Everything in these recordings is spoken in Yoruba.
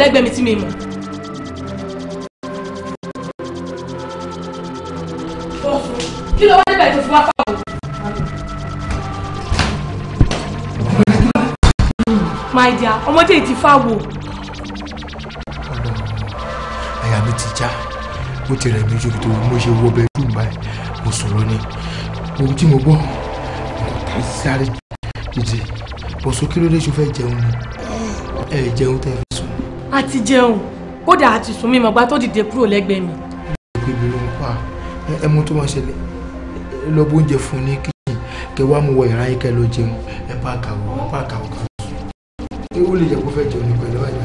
lẹ́gbẹ̀ẹ́ mi tí mi mọ̀. kí ló wá nígbà tó fi wá pàwọ́. my dear ọmọdé ti fà wò. àyà mi ti já mo ti rẹ̀ mí ju tó mo ṣe wọ bẹ́ẹ̀ dùn báyìí mo sọ̀rọ̀ ni ohun tí mo gbọ́ nǹkan tá a sáré dìde bọ̀sọ̀ kí ló dé ṣo fẹ́ jẹun ẹ jẹun tẹ a ti jẹun kódà a ti sùn mí mọ̀gbá tó dìde kúrò lẹ́gbẹ̀ẹ́ mi. ìbí ló ń pa ẹ tó máa ṣẹlẹ̀ lọ bó ń jẹ fún ní kíchìn kẹ wá mú wọ ìrà yín kẹ ló jẹun ẹ bá kàwọ ẹ bá kàwọ kàwọ. ẹ ó lè jẹ kó fẹ́ jẹun ní pẹ̀lú àyà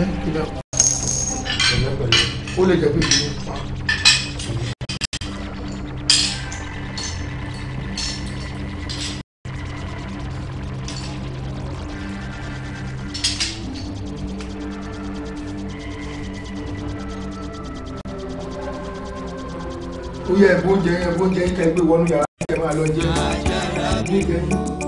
ẹ kí ló ń pa ẹ pẹ̀lú ó lè jẹ pé ìbí oúnjẹ ẹ̀bùn oúnjẹ ẹ̀bùn oúnjẹ yín wọnú yàrá ẹ̀ máa lọ jẹ́ ní kẹ́yìn.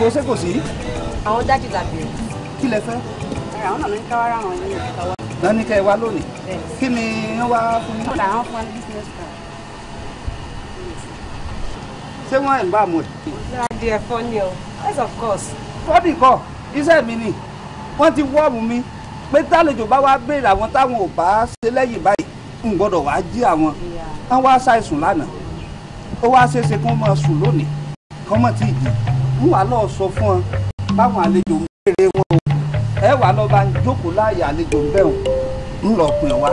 bo ṣé kò sí. àwọn dájú la bèrè. kí lẹ fẹ́. ẹ̀rọ àwọn náà ní káwá ra àwọn yìí káwá. náà ní kẹ́ ẹ wá kí ni wọ́n wá fún yín. àwọn fún business card. ṣé wọ́n ẹ̀ ń bá a mọ̀ ẹ́. láti ni o yes of course. fọ́ọ̀dì kọ iṣẹ́ mi ni wọ́n ti wọ́ọ̀mù mi pé tálejò bá wá béèrè àwọn táwọn ò bá ṣe lẹ́yìn báyìí n gbọ́dọ̀ wá jí àwọn wọ́n wá ṣàìsùn lánàá ó wá ṣeéṣe kó mọ̀ sùn lónìí kó mọ̀ tí ì jìn ń wà lọ sọ fún ọ báwọn àlejò ń béèrè wọn o ẹ wà lọ bá ń jókòó láàyè àlejò ń bẹ̀rù ń lọ pin wa.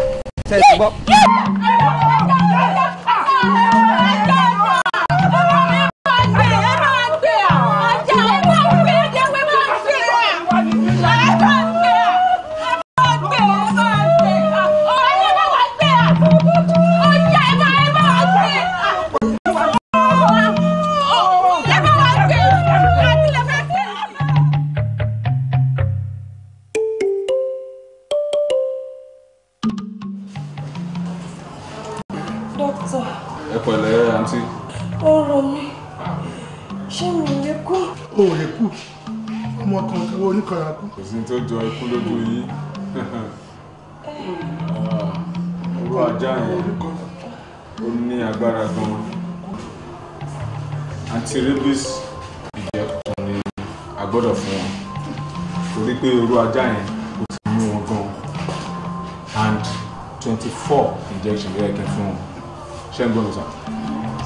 ṣe ń gbọ́ ìsàn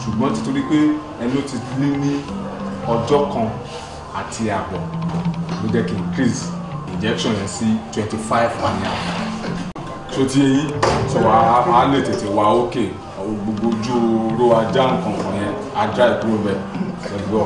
ṣùgbọ́n títorí pé ẹnu ti ní ní ọjọ́ kan àti ààbọ̀ ló jẹ́ kí n increase injection yẹn sí twenty five one tó ti yẹ yìí tó wà á lè tètè wà ókè gbogbo ojú oró ajá nǹkan kan yẹn á dry bẹ́ẹ̀ ṣe gbọ́.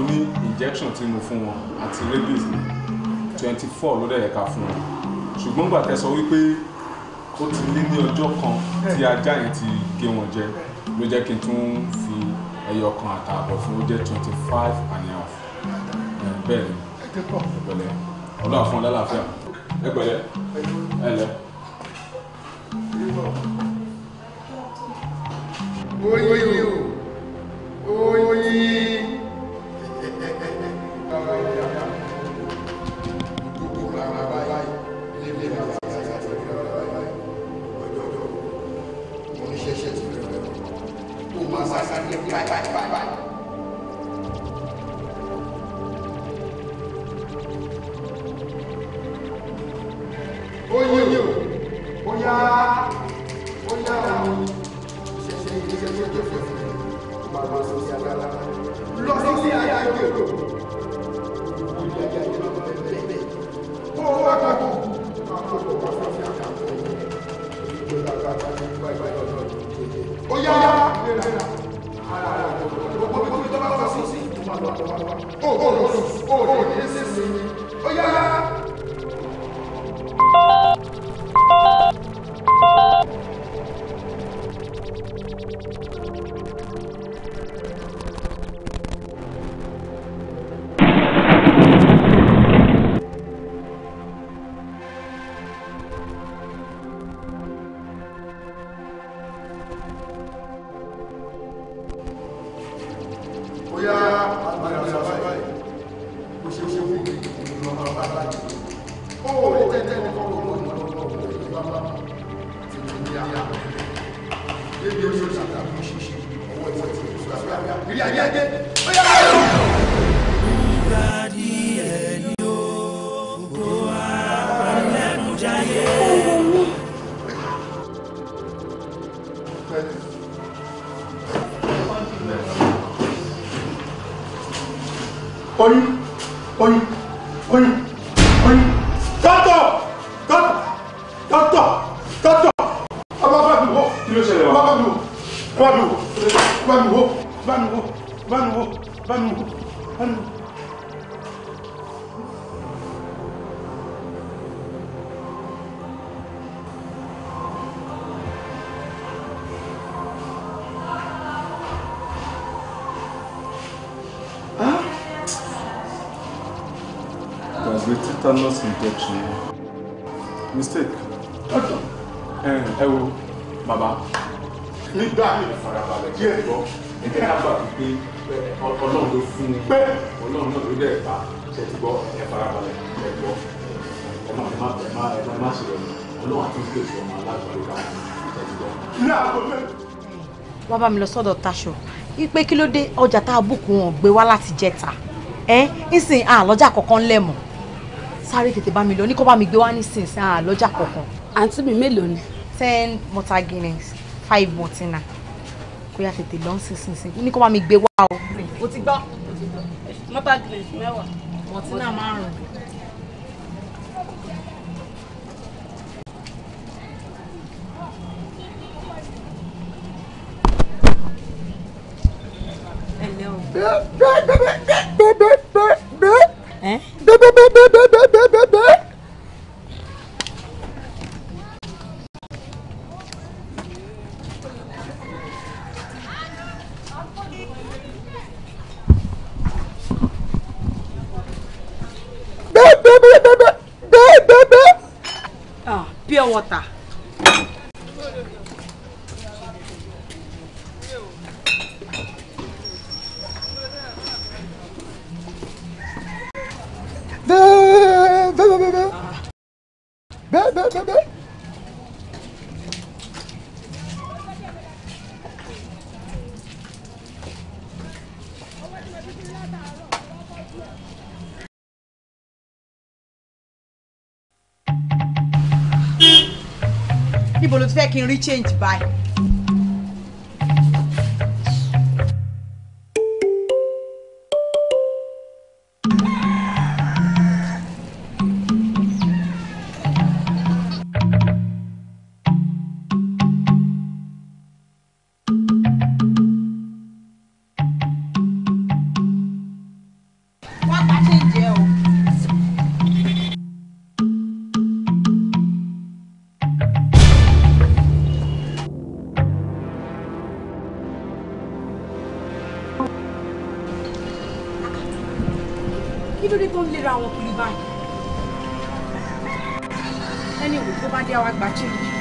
mo ní injection tí mo fún wọn àti rabies ní twenty four ló dẹ̀ yẹ ká fún wọn ṣùgbọ́n gbà tẹ́ sọ wípé ó ti lé ní ọjọ́ kan tí ajá yẹn ti gé wọn jẹ ló jẹ́ kí n tún fi ẹyọ kan àtààbọ̀ fún ó jẹ́ twenty five and a half bẹ́ẹ̀ ni ẹgbẹ̀lẹ́ ọlọ́wà fún ọ lálàáfíà ẹgbẹ̀lẹ́ ẹlẹ́. Oi, oi, oi. oyún oyún oyún oyún. tetanus injection mistake ọ̀dọ̀ ẹ wo bàbá nígbà yìí farabalẹ̀ díẹ̀ gbọ́ ẹgbẹ́ àgbà pé ọlọ́run ló fún un pé ọlọ́run náà ló dẹ̀ bá ṣe ti gbọ́ ẹ farabalẹ̀ ẹ gbọ́ ẹ má ẹ má ẹ má ẹ má ṣe lọ́nà ọlọ́run àti ìgbésí ọmọ alágbàdo ká ẹ ti gbọ́. wá bá mi lọ sọ́dọ̀ taṣọ ipe kí ló dé ọjà tá a bùkún wọn wá láti jẹta ẹ ń sìn àlọ́jà kọ̀ọ̀kan lẹ̀ sáré tètè bá mi lọ ní kó bá mi gbé wá nísinsìnyí àá lọ́jà kọ̀ọ̀kan. àǹtí mi mélòó ni. ten mọ́tà guinness five mọ́tìnà kó yá tètè lọ nísinsìnyí ní kó bá mi gbé wá o. o ti gbọ́ mọ́tà guinness mẹ́wàá mọ́tìnà márùn-ún. Can n rí change báyìí. kí ló dé tó ń lera àwọn kiri báyìí. ẹni wò tó bá dé àwa gbà chéèjì.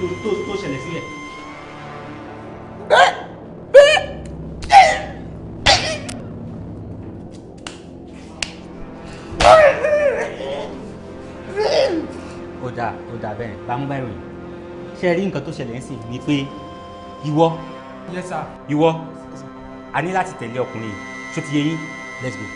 tó tó ṣẹlẹ̀ sílẹ̀. ó dáa ó dáa bẹ́ẹ̀ bámú bá ìròyìn ṣe rí nǹkan tó ṣẹlẹ̀ ń sìn ni pé ìwọ yes sir ìwọ a ní láti tẹ̀lé ọkùnrin yìí ṣó ti yẹ yín let's go.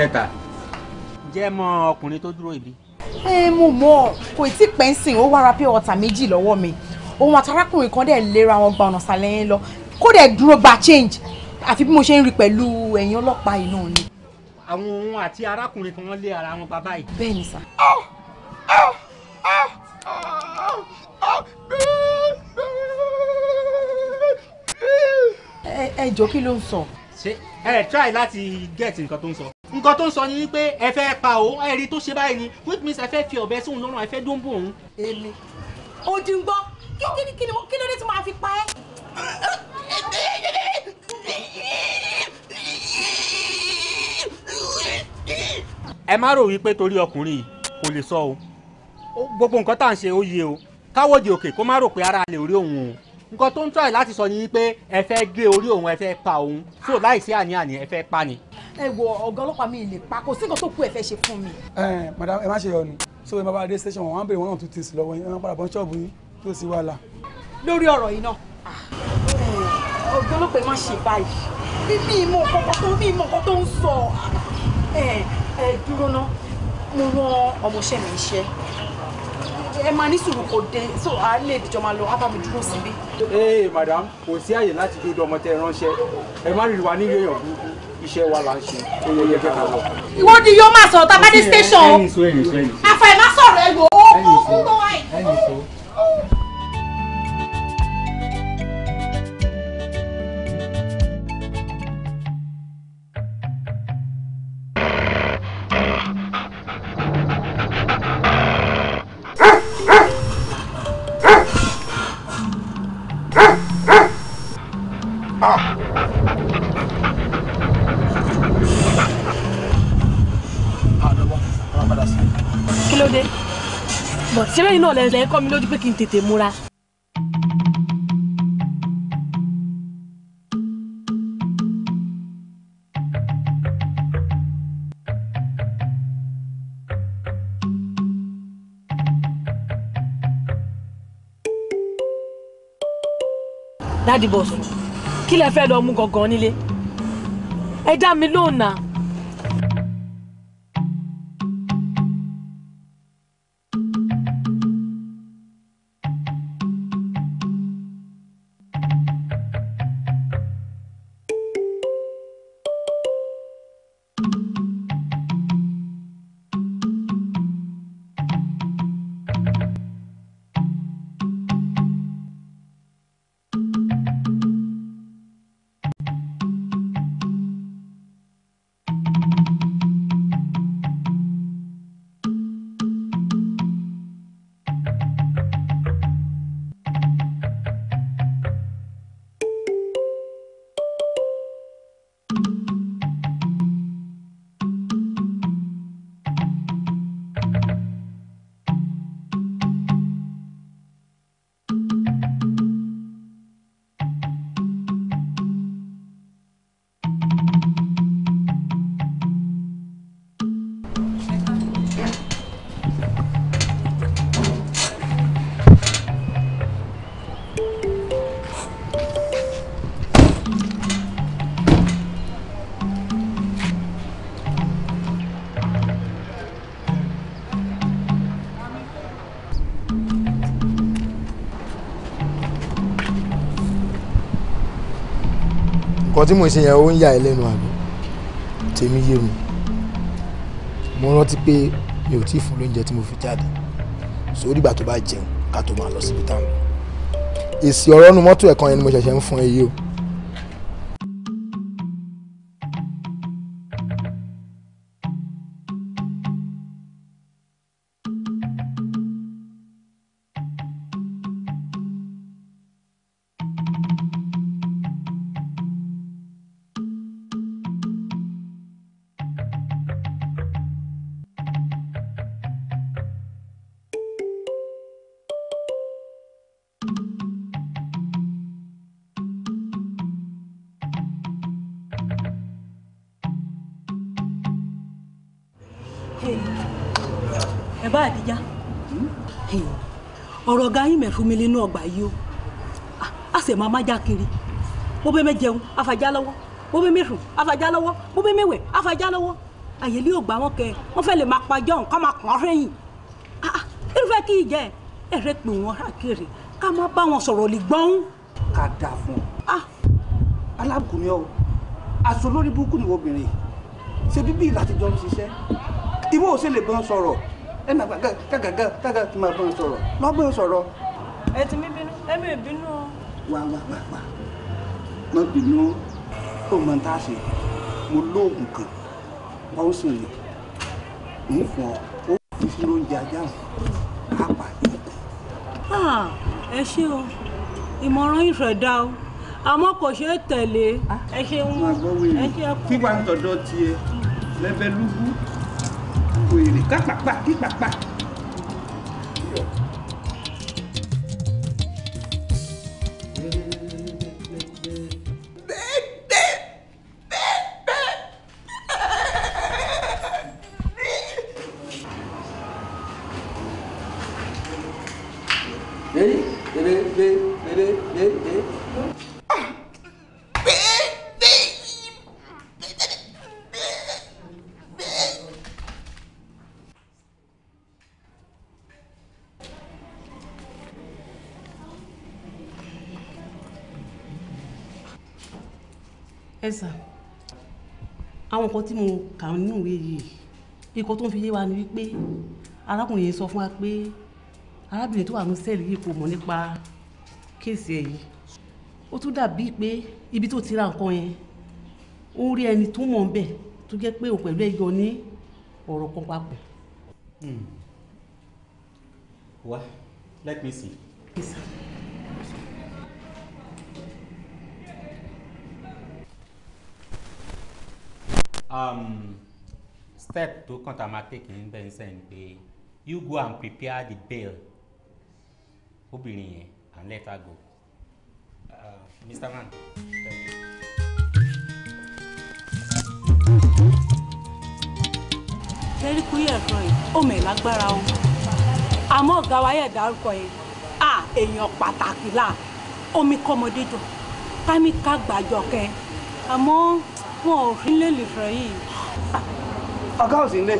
iṣẹ́ ta. jẹ́ mọ ọkùnrin tó dúró ibi. ẹ mo mọ kò tí ì pẹ́ ń sìn ó wá ra pé ọ̀tà méjì lọ́wọ́ mi òun àtàrákùnrin kan dẹ̀ lera wọn gba ọ̀nà sàlẹ̀ yẹn lọ kó dẹ̀ dúró gba change àfi bí mo ṣe ń rí pẹ̀lú ẹ̀yìn ọlọ́pàá iná ni. àwọn òun àti arákùnrin kan wọ́n lé ara wọn bàbá yìí. bẹ́ẹ̀ ni sà. ẹ jọ kí ló ń sọ. ṣé ẹ try láti get nǹkan tó ń sọ nǹkan tó ń sọ ni wípé ẹ fẹ́ pa òun ẹ̀rí tó ṣe báyìí ni which means ẹ fẹ́ fi ọ̀bẹ sóun lọ́rùn ẹ fẹ́ dún bò òun. èmi ò dín gbọ́ kí ló dé tí màá fi pa ẹ́. ẹ má rò wípé torí ọkùnrin yìí kò lè sọ o gbogbo nǹkan tá à ń ṣe ó yẹ o káwọ́ di òkè kó má rò pé ara lè rí òun o nǹkan tó ń tọ́ ẹ̀ láti sọ ni pé ẹ fẹ́ gé orí òun ẹ fẹ́ pa òun so láìsí àní-àní ẹ fẹ́ pa ni. ẹ wo ọ̀gá ọlọ́pàá mi lè pa kò sí nǹkan tó kù ẹ fẹ́ ṣe fún mi. ẹ madam ẹ má ṣe yọnu so ẹ má bá dé station wọn wọn bèrè wọn náà tún ti sùn lọ́wọ́ yín wọn padà bọ ṣọ́ọ̀bù yín tó sì wàhálà. lórí ọ̀rọ̀ yìí náà ah, ọ̀gá ọlọ́pàá má ṣe báyìí bíbí ìmọ̀ kọ́kọ́ tó bí ìmọ̀ kọ́kọ́ tó ń sọ ah, ẹ ẹ dúró ná mo rán ọmọọṣẹ́ mi iṣẹ́ ẹ máa ní sùúrù kò dé so a lè dìjọ máa lọ ábà mi dúró síbí. ee eh, madam kò sí àyè láti ju ọdọ ọmọ tẹ ránṣẹ́ ẹ má rírì wá ní yéèyàn burúkú iṣẹ́ wa là ń ṣe ó yẹ kẹ ká lọ. ìwọ ni yóò máa sọ̀rọ̀ tábàdé station. ẹ̀yin sọ ẹ̀yin sọ ẹ̀yin sọ. ó kú wáyé. ṣé lẹ́yìn náà lẹ́yìn kọ́ mi lójú pé kí n tètè múra. dádì bọ̀sùn kí lẹ fẹ́ lọ mú gangan nílé ẹ dá mi lóhùn náà. tí mo ṣe yẹn ó ń yà ẹ́ lẹ́nu àbí tèmi yé mi mo rántí pé mi ò tí ì fún lóúnjẹ tí mo fi jáde sórí ìgbà tó bá jẹun ká tó máa lọ síbi táwọn èsì ọ̀rọ̀ nu mọ́tò ẹ̀kan yẹn ni mo ṣẹ̀ṣẹ̀ ń fún ẹ yìí o bàbá àdíjá ọ̀rọ̀ ọ̀gá yín mẹ̀fún mi nínú ọgbà yìí o a sì máa má já kiri bó bẹ́ẹ̀ mẹ́jẹun afajá lọ́wọ́ bó bẹ́ẹ̀ mẹ́rùn afajá lọ́wọ́ bó bẹ́ẹ̀ mẹ́wẹ̀ afajá lọ́wọ́ àyèlé ò gbà wọn kẹ wọn fẹ́ lè máa pàjọ́ nǹkan máa kàn án rẹ́yìn irúfẹ́ kí ìjẹ́ ẹ̀rẹ́ pè wọ́n àkèrè ká má bá wọn sọ̀rọ̀ lè gbọ́n. ká dà fún ọ alágùnrin ọ aṣọ lórí burúkú ni obìnrin ṣe bíbí ìlàtijọ́ ń ṣiṣẹ́ ìwọ ò sì lè bọ́n sọ̀rọ̀ ẹnà gàgàgà gàgà tí màá bọ̀ sọ̀rọ̀ lọ́gbọ̀n sọ̀rọ̀. ẹ ti mi bínú ẹ mi bínú o. wà wà wà wà má bínú ó mọ tá a ṣe mo lóògùn kan wọn ó sìn yìí ń fọ ó fi sínú oúnjẹ ajá wọn á ah, ẹ ṣé o ìmọ̀ràn ìfẹ́ dá o àmọ́ kò ṣeé tẹ̀lé ah, ẹ ṣeun ẹ ṣe ẹkú. fífa ń tọ̀dọ̀ tiẹ̀ lẹ́bẹ̀ẹ́ lúgbú. thì các bạn bạn các bạn bạn ẹ sà àwọn nǹkan tí mo kà nínú ìwé yìí ikọ̀ tó ń fi yé wa ni wípé arákùnrin yẹn sọ fún wa pé arábìnrin tó wà ní sẹ́ẹ̀lì yìí kò mọ̀ nípa kéèsì ẹ̀ yìí ó tún dàbí pé ibi tó ti ra nǹkan yẹn ó rí ẹni tó mọ̀ bẹ̀ tó jẹ́ pé òun pẹ̀lú ẹ̀yọ ní ọ̀rọ̀ kan papọ̀. Hmm. wá let me see. Yes, um, step tó counter tá a máa ń bẹ́ẹ̀ you go and prepare the bail obìnrin yẹn and let her go uh, Mr. Man. Thank you. lẹ́rí kúrí ẹ̀kan yìí ó mẹ̀ lágbára o àmọ́ ọ̀gá wa yẹ̀ dárúkọ yìí à èèyàn pàtàkì là omi kọ́mọdé jọ kámi ká gbàjọ kẹ àmọ́ wọn ò rí lélùfẹ́ yìí. ọgá ò sí ń lé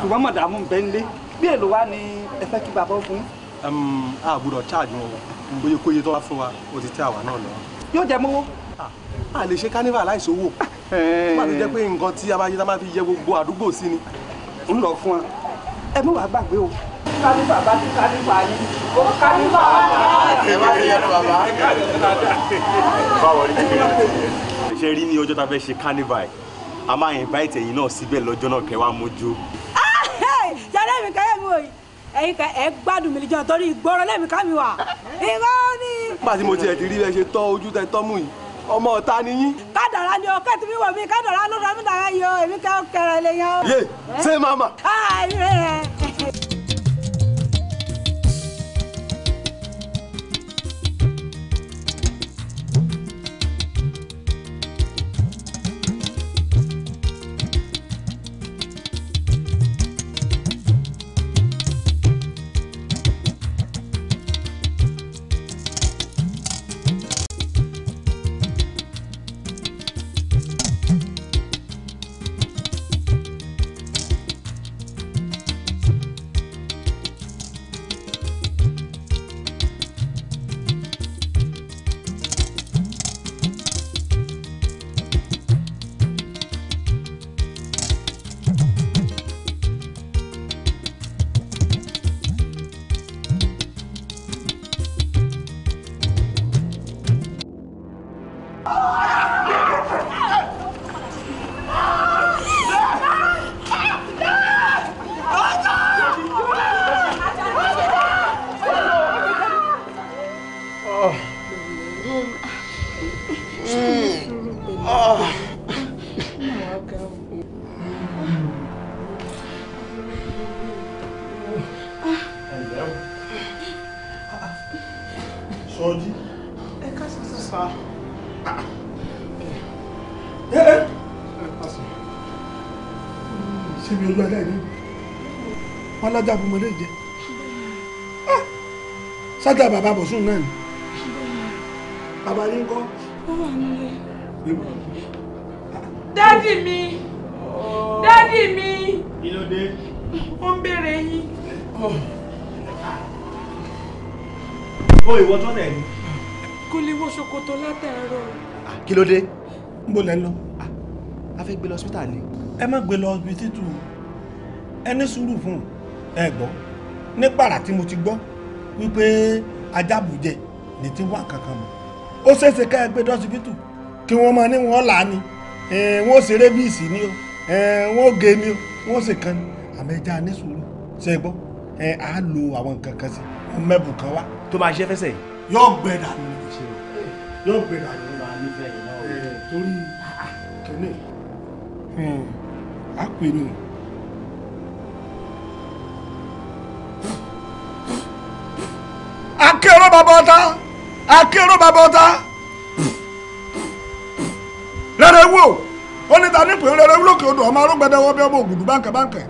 ṣùgbọ́n mọ̀dàmú bẹ́ẹ̀ ń lé bí èlò wa ni ẹ fẹ́ kí bàbá fún. a gbọ́dọ̀ charge wọn kóyekóye tó wá fún wa ó ti tẹ́ àwa náà lọ. yóò jẹ mọ́wọ́. a lè ṣe carnival láìsówó má ti jẹ́ pé nǹkan tí a bá yẹ tá a máa fi yẹ gbogbo àdúgbò sí ni. ń lọ fún wa ẹ mú wàá gbàgbé o kálífà bá ti kálífà yìí ó kálífà wà láàárín. ẹ má rí ẹnu bàbá. báwo ni kí ni ẹ ti yẹ ṣe rí ní ọjọ́ tá a fẹ́ ṣe carnival a máa invite ẹ̀yin náà síbẹ̀ lọ́jọ́ náà kẹ́ wá mójú. ṣáná mi káyọ̀ mi wò yìí ẹ̀yin kẹ ẹ̀ gbádùn mi lìjọ́ torí ìgboro lẹ́mi ká mi wà. ìwọ ni. pàṣẹ mo tiẹ̀ ti rí ẹ ṣe tọ́ ojú tẹ tọ́ yìí ọmọ ọ̀tá ni yín. kádàrá ni ọkẹ́ tí mi wọ̀ mí kádàrá ló rà mí dàrá yìí o èmi kẹ́ ọ̀kẹ́rẹ́ lè yan. yé ṣé màmá. Ah, lájà àbúmọdé jẹ sájà ah, bàbá bọ̀sùn náà ni bàbá yín kọ́. dádì mi dádì mi ó ń béèrè yín. o oh. ìwọ tọ́nà ẹ̀ ni. kò lè wọ ṣòkòtò látàárọ̀. Ah, kí ló dé. ń bọ̀ lẹ́nu lọ. Ah, a fẹ́ gbé lọ hospital ni. ẹ má gbé lọ hospital ẹni sùúrù fún un ẹ gbọ́ ní pàrà tí mo ti gbọ́ wípé ajábùjẹ lè ti wà kankan mọ́ ó ṣeéṣe ká ẹ gbé dọ́sibítù kí wọ́n máa ní wọ́n là á ni wọ́n ṣe rébíìsì ni o wọ́n gé ni o wọ́n ṣe kan ni àmẹ́jà ní sùúrù ṣe gbọ́ á lo àwọn nǹkan kan sí mẹ́bù kan wá. tó máa ṣe fẹsẹ̀ yìí. yóò gbẹ dànù yóò gbẹ dànù. torí ah, ah. kìnìún á hmm. pè ní o. bàbá ọ̀tá akérò bàbá ọ̀tá wo ó ní ta ní pè odò ọmọ arúgbẹdẹ wọ bí ọmọ ògùdù báńkẹ báńkẹ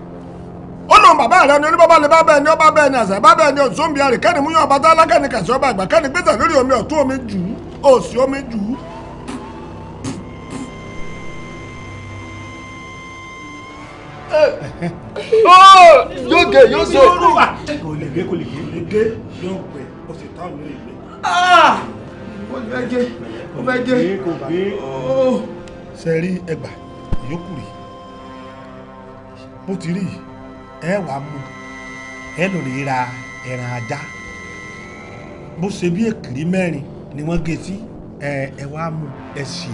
ó lòun bàbá rẹ ni oníbàbá lè bá bẹ́ẹ̀ ni ọba bẹ́ẹ̀ ni àṣà bá bẹ́ẹ̀ ni òṣòǹbí àrè kẹ́ni múyàn ọba lákẹ́ni kàṣẹ ọba àgbà kẹ́ni gbèsè lórí omi ọ̀tún omi jù ú òsì omi jù ú. Oh! yóò gé yóò so. kò lè gé kò lè gé lè gé. Ah! ó fẹ́ jẹ́ ó fẹ́ jẹ́ oh. ṣe rí ẹgbà ìyókù rí bó ti rí ẹ wà mú ẹ lò rí ra ẹran ajá bó ṣe bí èkìrí mẹ́rin ni wọ́n gé sí ẹ ẹ wá mú ẹ sì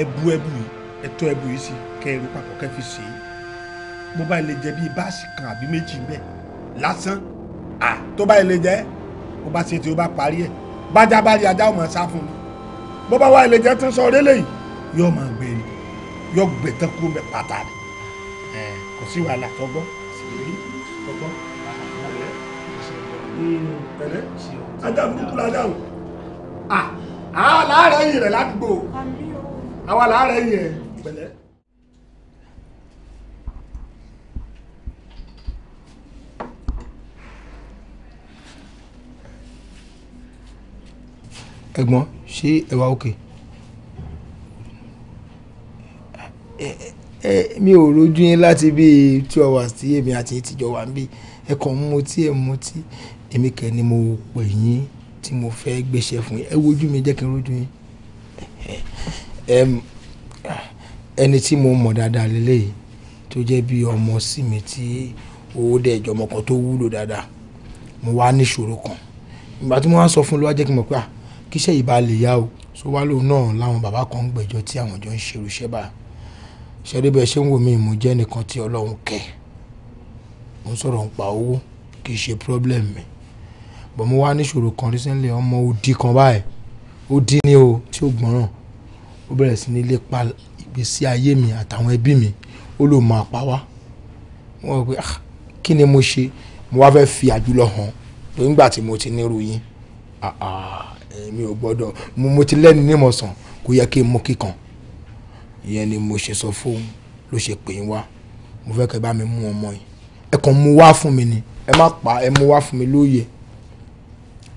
ẹ bu ẹbù yìí ẹ tọ́ ẹbù yìí sí kẹ ẹrú papọ̀ kẹ fi sèé bó bá lè jẹ bíi báàsì kan àbí méjì bẹ́ẹ̀ lásán tó bá lè jẹ kó bá ṣe tí ó bá parí ẹ̀ bájá bá rí ajá ò máa sá fún mi bó bá wá ilé jẹ́ tí ń sọ orí lẹ́yìn yóò máa gbé ni yóò gbé tán kú mẹ́ pàtàkì ẹ kò sí wàhálà tọgbọ́ sílẹ̀ tọgbọ́ pẹ̀lẹ́ ajá burúkú lajá o à á láàárẹ̀ yìí rẹ̀ ládùúgbò àwa láàárẹ̀ yìí rẹ̀ pẹ̀lẹ́. ẹ̀gbọ́n ṣé ẹ wà òkè mi ò rojú yín láti bíi two hours tí èmi àti yín wà ń bí ẹ kàn ń mutí ẹ mutí èmi kẹ ni mo pè yín tí mo fẹ́ gbéṣẹ́ fún yín ẹ wojú mi jẹ́ kí n rojú yín ẹni tí mo mọ̀ dáadáa lélẹ́yìí tó jẹ́ bí ọmọ sí mi tí owó dẹ̀ ìjọmọ kan tó wúlò dáadáa mo wá níṣòro kan ìgbà tí mo wá sọ fún ló wá jẹ́ kí n mọ̀ pé à kíṣẹ́ yìí bá lè yá o so wá lóun náà láwọn bàbá kan ń gbẹ́jọ́ tí àwọn jọ ń ṣerú iṣẹ́ bá ṣé ń wò mí mo jẹ́ nìkan tí ọlọ́run kẹ́ mo ń sọ̀rọ̀ ń pa owó kì í ṣe problem mi bọ̀ mo wá níṣòro kan recently ọmọ odi kan báyìí ó dín ní o tí ó gbọ́ràn ó bẹ̀rẹ̀ sí ní lépa ìgbésí ayé mi àtàwọn ẹbí mi ó lò máa pa wá wọ́n rò pé ah, kí ni mo ṣe mo wá fẹ́ fi àjùlọ hàn lóyún gbà tí mo ti nírú yín Ah, ah, èmi ò gbọ́dọ̀ mo ti lẹ́ni nímọ̀sán kò yẹ kí n mú kíkan ìyẹn ni mo ṣe sọ fóun ló ṣe pè é wá mo fẹ́ kẹ́ bá mi mú ọmọ yìí ẹ kàn mú wá fún mi ni ẹ má pa ẹ mú wá fún mi lóye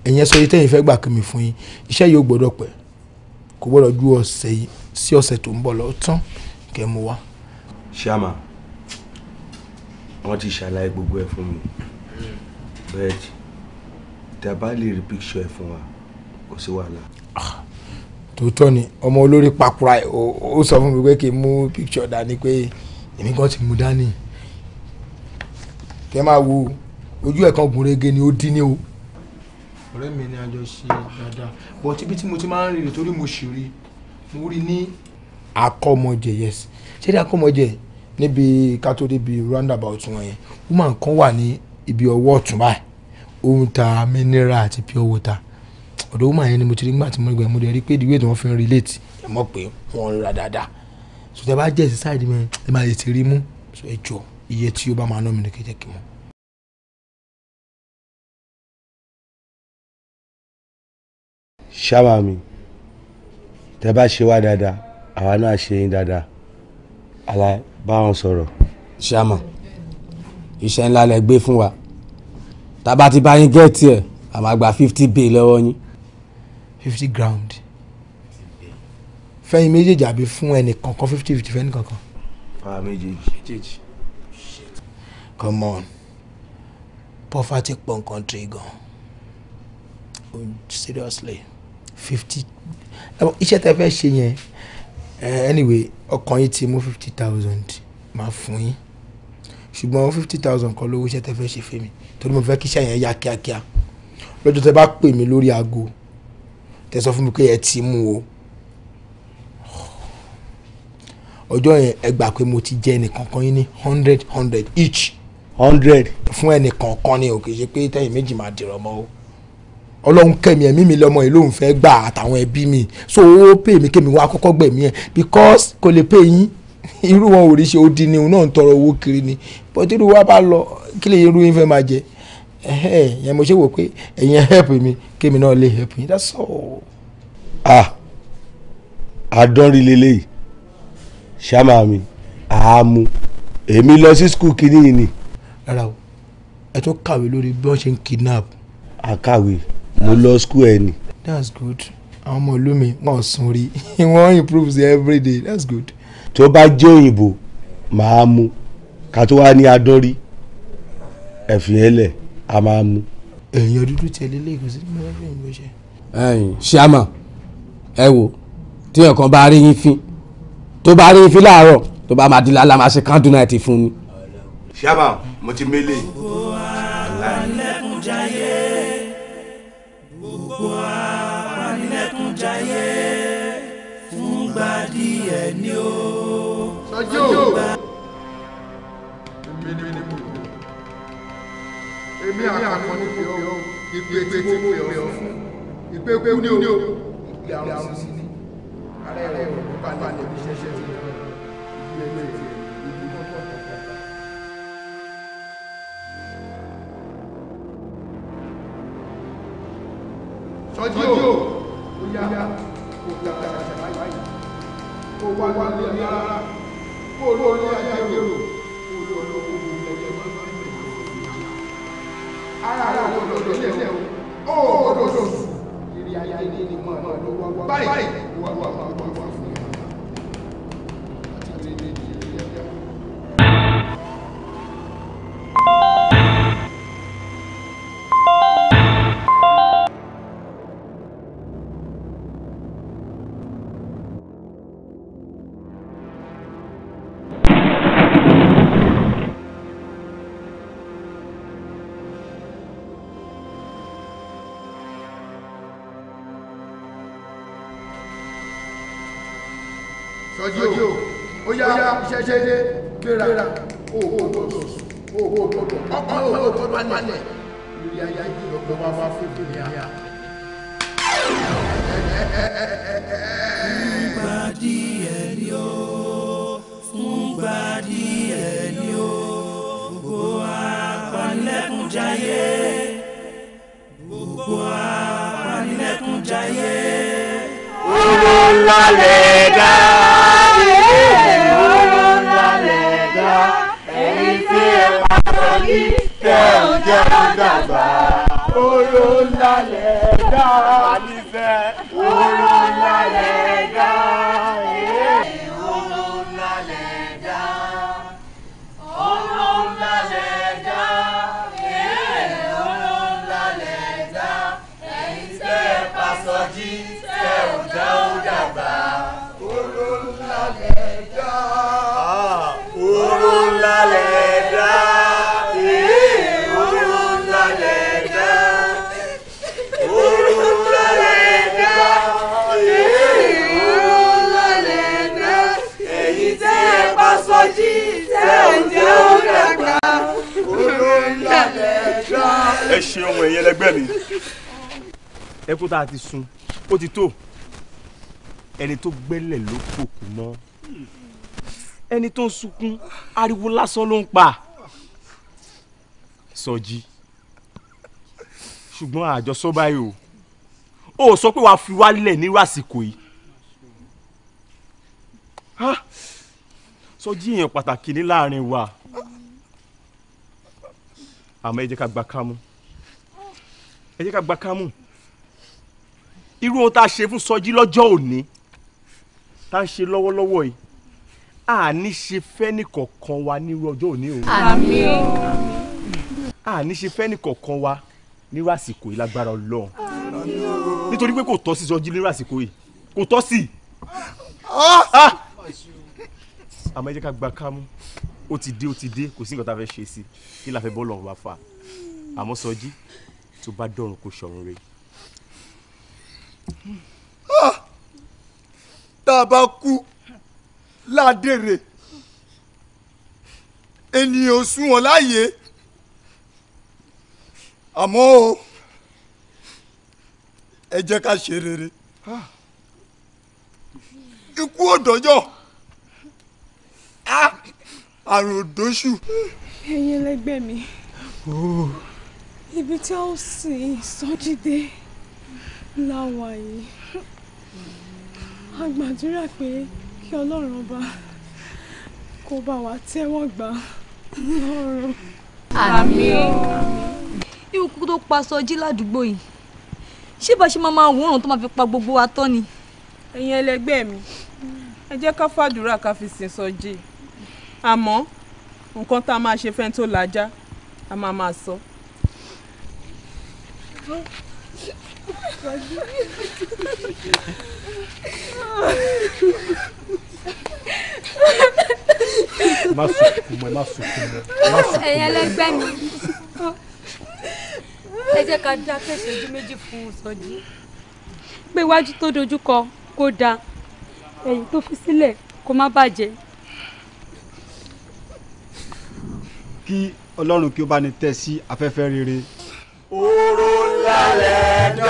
ẹ̀yẹn sọ yìí tẹ́yìn fẹ́ gbà kí mi fún yín iṣẹ́ yìí ò gbọ́dọ̀ pẹ́ kò gbọ́dọ̀ ju ọ̀sẹ̀ yìí sí ọ̀sẹ̀ tó ń bọ̀ lọ tán kẹ́ mú wá. ṣáàmà wọn ti ṣàlàyé gbogbo ẹ fún mi bẹ́ẹ̀ tẹ bá lè rí píkṣọ ẹ fún wa kò sí wàhálà. Ah, tòótọ́ ni ọmọ olórí pakura ẹ̀ ó sọ fún mi pé kí n mú píkṣọ dání pé èmi kan ti mú dání kẹ máa wo ojú ẹ̀ kan gùn régé ni ó dín ní o. ọ̀rẹ́ mi ni a jọ ṣe dáadáa bọ̀ tíbi tí mo ti máa ń rìn torí mo ṣì rí mo rí ní. akọmọjẹ yes ṣé ní akọmọjẹ níbi ká tó débi roundabout wọn yẹn woman kan wà ní ibi ọwọ́ ọ̀tún báyìí ó ta mineral àti pure water ọ̀dọ̀ yẹn ni mo ti rí nígbà tí mo gbẹ̀ mo rí pé ìdíwé tí wọ́n fi ń relate ẹ mọ̀ pé wọ́n ń ra dáadáa so tẹ bá jẹ́ ìsísáìdì mi ẹ máa lè ti rí mú so ẹ jọ iye tí ó bá máa ná mi ní kéjẹ́ kí mọ́. ṣáwa mi tẹ bá ṣe wá dáadáa àwa náà ṣe yín dáadáa àlà bá wọn sọ̀rọ̀. ṣáàmà iṣẹ́ ńlá lẹ gbé fún wa tàbá ti bá yín gẹ́ẹ̀tì ẹ̀ a máa gba fifty bay lọ́wọ́ yín. fifty ground fẹ́yìn méjèèjì àbí fún ẹnì kankan fifty fifty fẹ́yìn kankan. a méjèèjì. come on poverty pọ̀ nǹkan tó igan seriously fifty iṣẹ́ tẹ fẹ́ ṣe yẹn anyway ọkàn yín ti mú fifty thousand máa fún yín ṣùgbọ́n fifty thousand kọ́ lówó iṣẹ́ tẹ fẹ́ ṣe fún mi torí mo fẹ́ kí iṣẹ́ yẹn yá kíákíá lọ́jọ́ tẹ bá pè mí lórí aago tẹ sọ fún mi pé ẹ ti mú o ọjọ́ yẹn ẹ gbà pé mo ti jẹ ẹnìkankan yín ní hundred hundred each hundred fún ẹnìkankan ni o kì í ṣe pé tẹ́yìn méjì máa dìrọ̀ mọ́ o ọlọ́run kẹ́mi ẹ̀mí mi lọ́mọ yìí lóun fẹ́ gbà àtàwọn ẹbí mi so ó pè mí kémi wá kọ́kọ́ gbẹ̀mí ẹ̀ because kò lè pè yín irú wọn ò rí ṣe odi ni òun náà ń tọrọ owó kiri ni bọ́tí irú wa bá lọ kí lè irú yín fẹ́ máa jẹ ẹ̀hẹ́n mo ṣe wò pé ẹ̀yin help mi kémi náà lè help yín that's all. ah àdánrilele ṣáma mi àámu èmi lọ sí skul kìíní yìí ni. rárá o ẹ tún kàwé lórí bí wọ́n ṣe ń kidnap. àkàwé mo lọ skul ẹ ni. that's good àwọn ọmọ ìlú mi wọn ò sun rí wọn improves every day that's good tó bá jẹ́ òyìnbó màá mu ká tó wá ní adọ́rí ẹ̀fìn ẹlẹ̀ a máa mu. èèyàn dúdú tẹ̀lé lẹ́kọ̀ọ́ sí mọ́lẹ́bí òyìnbó ṣe. ṣíàmà ẹ wo tí ẹ̀kan bá rí yín fín tó bá rí yín fín láàárọ̀ tó bá máa di lálá máa ṣe kándú náà ti fún ni. ṣíàmà mo ti mélé. gbogbo apanilẹ́kúnjayé gbogbo apanilẹ́kúnjayé fúngbà díẹ̀ ni ó ọjọ́ èmi ni mo kù èmi àkàkọ́ ní pé ó ìpè tí mo pè ọ́ fún ìpè pé ní o ìpè àrùn sí ni ààrẹ rẹ̀ ò balẹ̀ ní ṣẹ́ṣẹ́ tí mo ìpè pé tí ìlú náà pọ̀ pọ̀. sọ́jí o ó yá kó yá kó yá kó wá wá lé rárá kó o lórí ajérò kó o lọ lọ́wọ́ gbogbo ẹ̀jẹ̀ máa ń bá ẹ̀jẹ̀ máa ń bá ara rẹ̀ ló lọ lọ lẹ́wọ̀ ó lọ lọ sùn ìrìn ayé ni mo lọ wá wá báyìí wá wá wá wá wá. ṣẹ́ṣẹ́ṣẹ́ gbéra owó gbọdọ̀ owó gbọdọ̀ ọkọ̀ owó tó bá nílẹ̀ lórí ayé lọ́gbọ́n wá wá fún mi àyà. Fúngbà díẹ̀ àgbà oró ńlá lẹ̀ dá. àníṣe. ẹ ṣe ohun ẹ̀yẹ lẹ́gbẹ́ mi. ẹkún tá a ti sun ó ti tó ẹni tó gbẹ́lẹ̀ ló fòkù mọ́ ẹni tó ń sunkún ariwo lásán ló ń pa sọjí ṣùgbọ́n àjọsọ báyìí o ò sọ pé wàá fi wálẹ̀ nírú àsìkò yìí sọjí èèyàn pàtàkì ní láàrin wa àmọ́ ẹ jẹ́ ká gba kámú ẹ jẹ́ ká gba kámú irú ohun tá a ṣe fún sọjí lọ́jọ́ òní tá a ṣe lọ́wọ́lọ́wọ́ yìí a ní ṣe fẹ́ni kọ̀ọ̀kan wa nírú ọjọ́ òní o. àmín. a ní ṣe fẹ́ni kọ̀ọ̀kan wa nírú àsìkò yìí lágbára ọlọ́run nítorí pé kò tọ́ sí sọjí nírú àsìkò yìí kò tọ́ sí. Ah! àmọ́ ẹ jẹ́ ká gba kámú ó ti dé ó ti dé kò sí nǹkan tá a fẹ́ ṣe sí kí la fẹ́ bọ́ lọ́rùn wá fà àmọ́ sọjí tó bá dọ̀rùn kò ṣọ̀run rẹ̀. Ah! tá a bá kú ládèrè ènìyàn ò sún wọn láàyè àmọ́ o ẹ jẹ́ ká ṣe rere ikú ò dọ́jọ́. Ah! àròdóṣù. ẹ̀yin ẹlẹgbẹ́ mi ibi tí ó sin Sọ́jídé láwa yìí a gbàdúrà pé kí Ọlọ́run ọba kó bá wa tẹ́wọ́ gbà lọ́rùn. àmín o. irú kúkú tó pa Sọ́jí ládùúgbò yìí ṣé bá ṣe máa máa wòran tó máa fi pa gbogbo wa tán ni. ẹ̀yin ẹlẹgbẹ́ mi ẹ jẹ́ ká fàdúrà ká fi sìn Sọ́jí. So àmọ́ nǹkan tá a máa ṣe fẹ́ni tó làjá a máa máa sọ. má sunkún mọ́ má sunkún mọ́. ẹ̀yin ẹlẹgbẹ́ mi ẹ jẹ́ ká dákẹ́ ìṣẹ́jú méjì fún Sọjí pé iwájú tó dojúkọ kó dáa ẹ̀yìn tó fi sílẹ̀ kó má bàjẹ́. kí ọlọ́run kí ó bá ní tẹ́ sí afẹ́fẹ́ rere. oró ńlá lẹ̀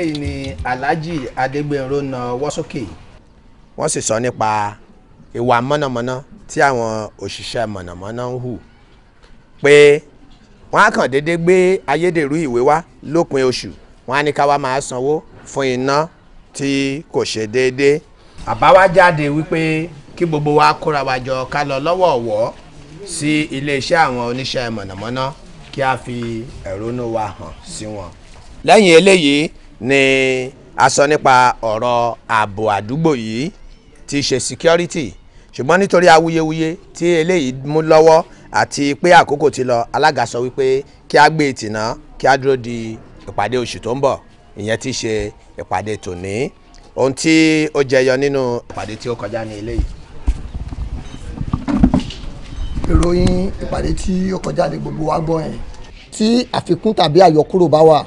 eléyìí ni Alhaji Adégbénró na ọwọ́ sókè wọ́n sì sọ nípa ìwà mọ̀nàmọ́ná tí àwọn òṣìṣẹ́ mọ̀nàmọ́ná ń hù pé wọ́n á kàn déédéé gbé ayédèrú ìwé wá lópin oṣù wọ́n á ní ká wá máa sanwó fún iná tí kò ṣe déédéé àbáwájáde wípé kí gbogbo wa kóra wa jọ ká lọ lọ́wọ̀ọ̀wọ́ sí iléeṣẹ́ àwọn oníṣẹ́ mọ̀nàmọ́ná kí a fi ẹ̀rọ inú wa hàn sí wọn. lẹ́yìn eléyìí ni a sọ nípa ọ̀rọ̀ ààbò àdúgbò yìí ti ṣe security ṣùgbọ́n nítorí awuyewuye tí eléyìí mú lọ́wọ́ àti pé àkókò ti lọ alága sọ wípé kí a gbé ìtìná kí a dúró di ìpàdé oṣù tó ń bọ̀ ìyẹn ti ṣe ìpàdé tòní ohun tí ó jẹyọ nínú ìpàdé tí ó kọjá ní eléyìí. ìròyìn ìpàdé tí ó kọjá ní gbogbo wa gbọ́ yẹn. tí àfikún tàbí àyọkúrò bá wà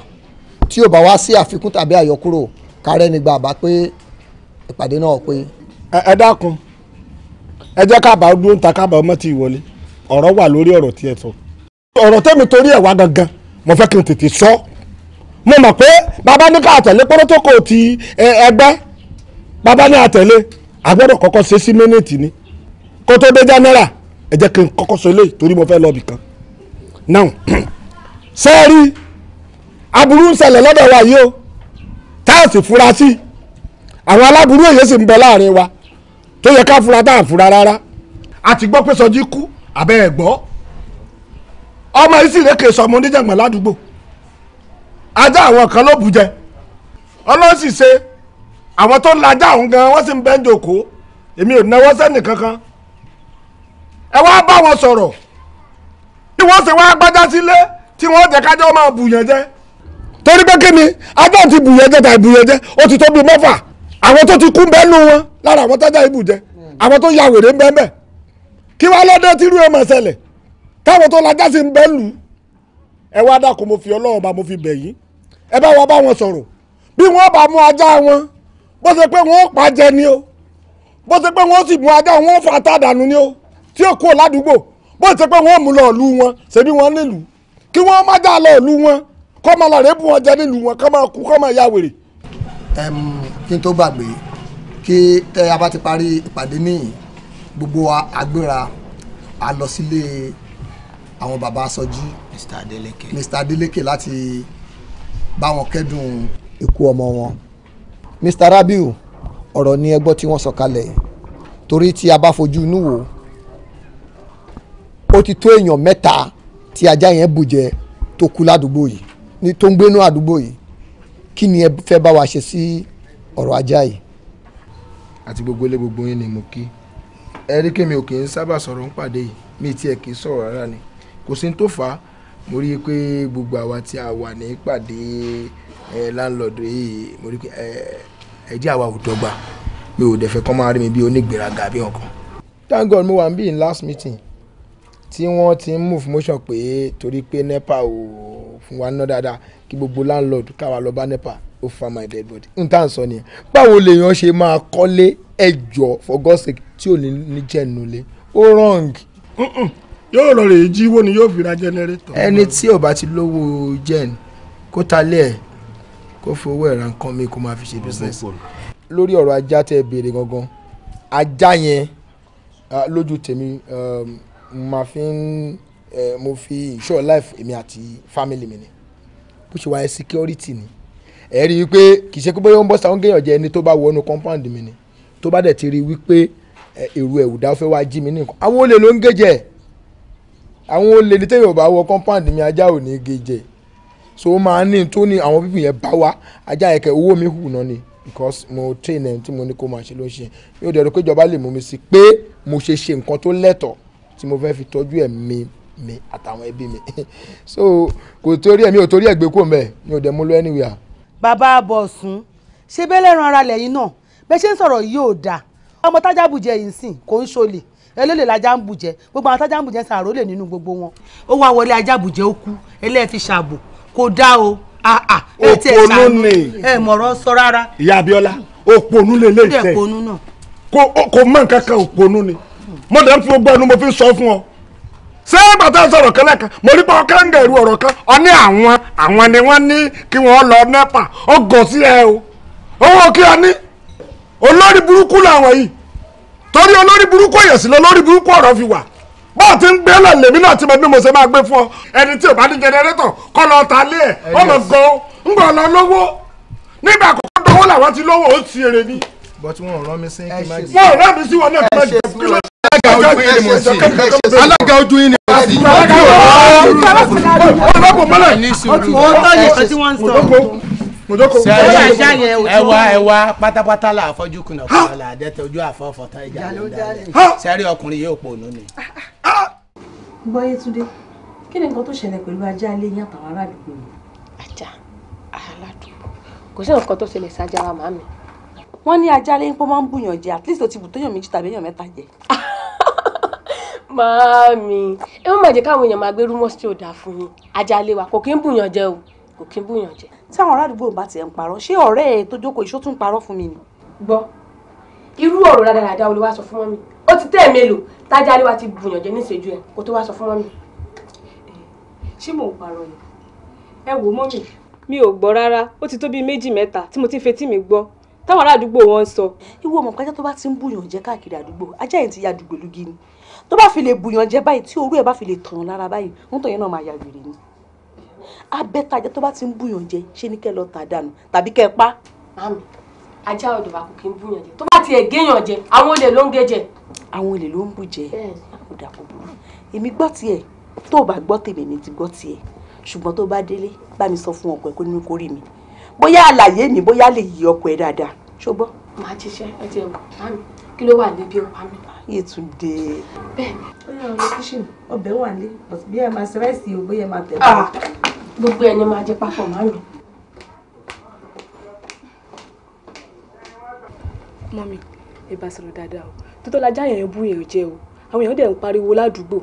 tí ò bá wá sí àfikún tàbí àyọkúrò kárẹ́ ní gbàgbà pé ìpàdé náà pé. ẹ dákun ẹ jẹ́ kábà dúró ń ta kábà ọmọ tí ìwọlé ọ̀rọ̀ wà lórí ọ̀rọ̀ tí ẹ sọ. ọ̀rọ̀ tẹ́mi torí ẹ̀ wá gangan mo fẹ́ kí n tètè sọ mo mọ̀ pé bàbá ní ká àtẹ̀lé pórótókò ti ẹgbẹ́ bàbá ní àtẹ̀lé àgbẹ̀rọ̀ kọ́kọ́ ṣe sí mẹ́nẹ̀tì ni kó tó dé jẹ́nẹ́rà ẹ jẹ́ kí n kọ́kọ́ sọ eléyìí torí mo fẹ́ lọ bìkan. now sẹ́ẹ̀rì aburú ń ṣẹlẹ̀ lọ́dọ̀ wa yìí o tá a sì fura sí àwọn aláburú èyí sì ń bẹ láàrin wa tó yẹ ká fura tá à ń fura rárá a ti gbọ́ pé sọjí kú àbẹ́ ẹ̀ gbọ́ ọmọ yìí sì lékè sọmọ oníjàngbọ̀n ládùúgbò ajá àwọn kan ló bùjẹ ọlọ́run sì ṣe àwọn tó ń lajá òun gan wọ́n sì ń bẹ́ńdì òkó èmi ò náwó sẹ́nì kankan ẹ wá bá wọn sọ̀rọ̀ bí wọ́n ṣe wá gbájá sílé tí wọ́n jẹ́ kájọ́ máa bùyàn torí pé kíni abá ti bùyẹ̀jẹ̀ tàbí bùyẹ̀jẹ̀ ó ti tó bíi mẹ́fà àwọn tó ti kú bẹ́ẹ̀ nu wọn lára àwọn tájà ibùjẹ àwọn tó ya wèrè bẹ́ẹ̀ bẹ́ẹ̀ kí wàá lọ́dẹ tí irú ẹ̀ máa ṣẹlẹ̀ táwọn tó lajá sí bẹ́ẹ̀ lù ẹ wá dákun mo fi ọlọ́run bá mo fi bẹ̀ yín ẹ bá wa bá wọn sọ̀rọ̀ bí wọ́n bá mú ajá wọn bó ṣe pé wọ́n pa jẹ ni o bó ṣe pé wọ́n sì mú ajá wọn fà tá dànù ni o tí ó kú ládùúgbò bó ṣe pé wọ́n mú lọ́ọ̀lù wọn ṣèbí wọn nílùú kí wọ́n má já lọ́ọ̀lù wọn kọ́ máa lọ rèé bù wọn jẹ nílùú wọn kọ́ máa kú kọ́ máa ya wèrè. kí n tó gbàgbé kí tẹ a ti parí ìpàdé níyìn gbogbo agbéra a lọ sílé àwọn bàbá sọjí Mr. Adeleke Mr. Adeleke láti bá wọn kẹ́dùn ikú ọmọ wọn Mr. Rabiu ọ̀rọ̀ ni ẹgbọ́ tí wọ́n sọ kalẹ̀ torí tí a bá fojú inú wò ó ti tó èèyàn mẹ́ta tí ajá yẹn bùjẹ tó kú ládùúgbò yìí ní tó ń gbénú àdúgbò yìí kí ni ẹ fẹ́ bá wa ṣe sí ọ̀rọ̀ ajá yìí. àti gbogbo ilé gbogbo yín ni mo kí ẹ rí kémi ò kì í sábà sọ̀rọ̀ ń pàdé yìí mi tiẹ̀ kì í sọ̀rọ̀ rárá ni kò sí ní tó fà á mo rí i pé gbogbo àwa tí a wà ní pàdé láńlọ́ọ̀dù yìí mo rí i pé ẹ àwa ò dọ́gba mi ò dẹ̀ fẹ́ kọ́ máa rí mi bí onígbèéraga bí ọkàn. thank god mo wà ń bí in last meeting tí wọ́n ti ń move motion pé torí pé nepa ò fún wa ná dáadáa kí gbogbo landlord káwa lọ bá nepa ó fa my dead body n tá à ń sọ nìyẹn báwo lèèyàn ṣe máa kọ́lé ẹjọ́ for God's sake tí ò ní ní jẹ́nulẹ̀ ó wrong. yóò lọ rèé jíwó ni yóò fi ra jẹnẹrétọ̀. ẹni tí ò bá ti lówó jẹ́n kó ta lé ẹ̀ kó fi ẹ̀ ra mi kó máa fi ṣe business. lórí ọ̀rọ̀ ajá tẹ́ ẹ béèrè gangan ajá yẹn ah, lójú tèmi máa um, fi ń eh, mo fi insure life èmi àti family mi ni bó ṣe wà ẹ security ni ẹ rí i pé kì í ṣe pé bóyá ó ń bọ́ sáwọn géèyàn jẹ ẹni tó bá wọnú compound mi ni tó bá dẹ̀ ti rí i wípé èrò ẹ̀wùdá fẹ́ wá jí mi ní nǹkan àwọn olè ló ń gèjè àwọn olè ní tẹ̀yìn ò bá wọ compound mi ajá ò ní gèjè so ó máa ní tó ní àwọn pípìn yẹn bá wá ajá yẹn kẹ owó mi hù náà ni because mo train ẹni tí mo ní kó máa ṣe ló ń ṣe mi ò dẹ̀ rò pé ìjọba lè mú mi sí pé mo ṣe ṣe nǹkan tó lẹ́tọ̀ọ́ tí mo fẹ́ fi tọ́jú ẹ̀mí mi àtàwọn ẹbí mi so kò torí ẹ mi ò torí ẹ gbé kó mẹ mi ò dẹ mú lọ anywhere. bàbá àbọ̀sùn ṣe bẹ́ẹ̀ lẹ́ran ara lẹ́yìn náà bẹ́ẹ̀ ṣe ń sọ̀rọ̀ yìí ò dáa ọmọ tájà bùjẹ yìí sìn kò ń ṣolè ẹlẹ́lẹ̀ lajà ń bùjẹ gbogbo àwọn tájà ń bùjẹ sàrò lè nínú gbogbo wọn ó wá wọlé ajá bùjẹ ó kú ẹlẹ́ẹ̀fi ṣàbò kò dá o ẹ ti ẹ ṣàánú mọ̀rọ̀ sọ ni mo dẹ̀ ń fi gbọ́ ẹnu mo fi se bàtà sọ̀rọ̀ kan lẹ́kan mo rí pé ọkàn gẹ̀rú ọ̀rọ̀ kan ọ ní àwọn àwọn ni wọ́n ní kí wọ́n lọ nẹ́pà ó gọ̀ sí ẹ o owó kí a ní olórí burúkú làwọn yìí torí olórí burúkú èyàn sí burúkú ọ̀rọ̀ fi wà bá a ti ń gbé lọ́lẹ̀ mi náà ti mọ bí mo ṣe máa gbé ọ ẹni tí bá ní jẹnẹrétọ̀ kọ́ lọ ta lé ẹ̀ ó lọ gan ń lọ lówó nígbà àkọ́kọ́ dánwó làwọn ti lówó ó ti èrè ni. bọ́tí wọn ò rán mi sí kí n má jẹ. ojú yín ni mo sí alága ojú yín ni mo sí. ọlọ́pàá mọ́lẹ̀ ní sùúrù. sẹ́yìn ẹ wá ẹ wá pátápátá là àfọ́jú kùnà kùnà là àdẹ́tẹ̀ ojú àfọ́fọ́ tán ìjà ló dálé sẹ́rí ọkùnrin yóò pò nù ni. gbọ́yé túndé kí ni nǹkan tó ṣẹlẹ̀ pẹ̀lú ajá ilé yín àtàwọn aráàlú ajá aládùúgbò kò sí nǹkan tó ṣẹlẹ̀ sájà wa màmí wọ́n ní ajá lẹ́yìn pọ́ máa ń bùyàn jẹ at least o ti bù tóyàn méjì tàbí èèyàn mẹ́ta jẹ. Máàmì, ẹ má jẹ́ káwọn èèyàn máa gbé rúmọ́sì tí ò dáa fún yín. Ajálé wa kò kí ń bùyàn jẹ o, kò kí ń bùyàn jẹ. Táwọn ará àdúgbò bá tiẹ̀ ń parọ́, ṣé ọ̀rẹ́ ẹ tó jókòó ìṣó tún parọ́ fún mi ni? Gbọ́, irú ọ̀rọ̀ rádaràda olè wa sọ fún mọ́mì. Ó ti tẹ́ ẹ̀ mélòó, tájálé wa ti bùyàn jẹ níṣẹ́jú ẹ̀ kó tó wá sọ fún mọ́mì. Eh, ṣé mò ń parọ́ ni? Ẹ wò mọ́mì. Mi ò gbọ́ rárá, ó ti tó bíi méjì mẹ́ta tí mo ti fetí mi gbọ́ táwọn ará àdúgbò wọn sọ. Ìwọ ọmọ kájá tó bá ti ń bùyàn jẹ káàkiri àdúgbò, ajá yẹn ti ya dùgbòlugi ni tó bá fi lè bùyàn jẹ báyìí tí orú ẹ bá fi lè tàn lára báyìí nítorí yẹn náà máa ya wèrè ni abẹ́tajà tó bá ti ń bùyàn jẹ ṣé ní kẹ́ lọ tà dànù tàbí kẹ́ pa. mami ajá ọ̀dọ̀ wa kò kí ń bùyàn jẹ tó bá tiẹ̀ géèyàn jẹ àwọn olè ló ń gé jẹ. àwọn olè ló ń bù jẹ kò dà kó burú èmi gbọ́ tiẹ̀ tó o bá gbọ́ tèmi mi ti gbọ́ tiẹ̀ ṣùgbọ́n tó bá délé bá mi sọ fún ọkọ ẹ kó nínú kórìí mi bóyá àlàyé mi bóyá lè yí ọkọ ẹ dáadáa ṣó gbọ́. màá ṣiṣẹ́ ẹ ti ẹ̀ wò mami kí ló wà níbi ọ̀pá mi. Yétúndé. bẹ́ẹ̀ni ó yẹ ọ̀rọ̀ kíṣìn ọbẹ̀ wà ní bí ẹ máa ṣẹlẹ̀sì o bóyá ẹ máa tẹ̀. Ah! gbogbo ẹni máa jẹ papọ̀ mọ́ mi. mọ́mi ẹ bá sọ̀rọ̀ dáadáa o títọ́ lajá yẹn bú yẹn jẹ́ o àwọn èèyàn dẹ̀ ń pariwo ládùúgbò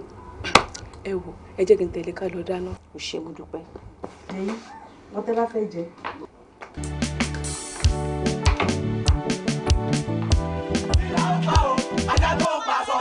ẹ wò ẹ jẹ́ kí n tẹ̀lé ká lọ dáná. ò ṣe mo dúpẹ́. ẹyin wọn tẹ bá fẹ́ jẹ.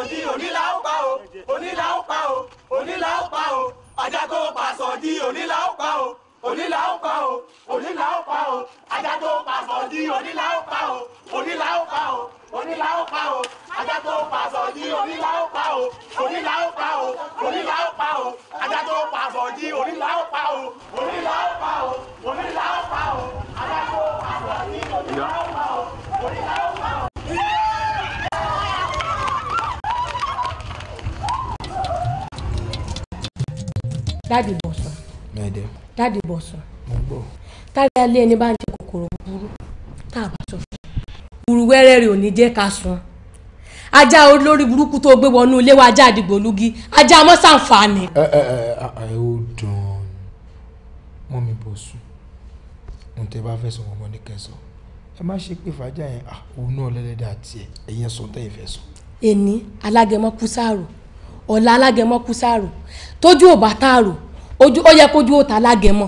sọ̀dí onílà ó pa o onílà ó pa o onílà ó pa o ajá tó pa sọ̀dí onílà ó pa o onílà ó pa o onílà ó pa o ajá tó pa sọ̀dí onílà ó pa o onílà ó pa o onílà ó pa o ajá tó pa sọ̀dí onílà ó pa o onílà ó pa o onílà ó pa o ajá tó pa sọ̀dí onílà ó pa o onílà ó pa o onílà ó pa o ajá tó pa sọ̀dí onílà ó pa o onílà ó pa o. dáàdì bọ̀sán. mẹ́ẹ̀dẹ́. dáàdì bọ̀sán. mo gbọ́. táyà ilé ẹni bá ń jẹ kòkòrò búburú tá a bá sọ fún un. burúwẹ́rẹ́ rẹ̀ ò ní jẹ́ ká sun. ajá olórí burúkú tó gbé wọnú ilé wa ajá àdìgbòlugi ajá mọ́sàǹfààní. ẹ ẹ ẹ ẹ ó dán mọ́ mi bọ̀ sùn ohun tẹ bá fẹ́ sọ wọn mọ́ ní kẹsàn ẹ má ṣe pé fàájà yẹn òun náà lẹ́lẹ́dà tiẹ̀ ẹ̀yẹ sọ tẹ́yìn fẹ́ sọ. èní alágẹmọ kú sáàrò ọ̀la alágẹmọ kú sáàrò tójú ò bá tààrò ojú ó yẹ kójú ó ta alágẹmọ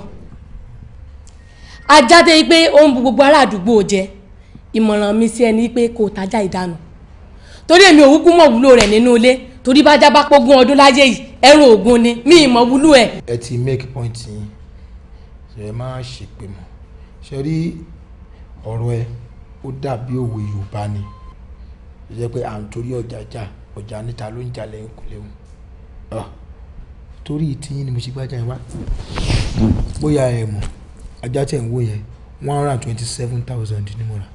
ajáde pé ó gbogbo ará àdúgbò jẹ ìmọ̀ràn mi sí ẹni pé kò tajà ìdánù torí èmi òwú kú wúlò rẹ̀ nínú ilé torí bá jábá pógún ọdún láyé yìí ẹrù ògùn ni mi ì wúlò ẹ̀. ẹ ti make point yín ṣe má ṣèpè mọ́ ṣe rí ọ̀rọ̀ ẹ ó dàbí òwe Yorùbá ni ṣe jẹ́ pé à ń torí ọjà jà ọjà níta ló ń jalè ńkulé wọn torí tiyín ni mo ṣe gbájà yẹn wá bóyá ẹ mọ̀ ajá tẹ̀ ń wò yẹn one hundred and twenty seven thousand ni mo rà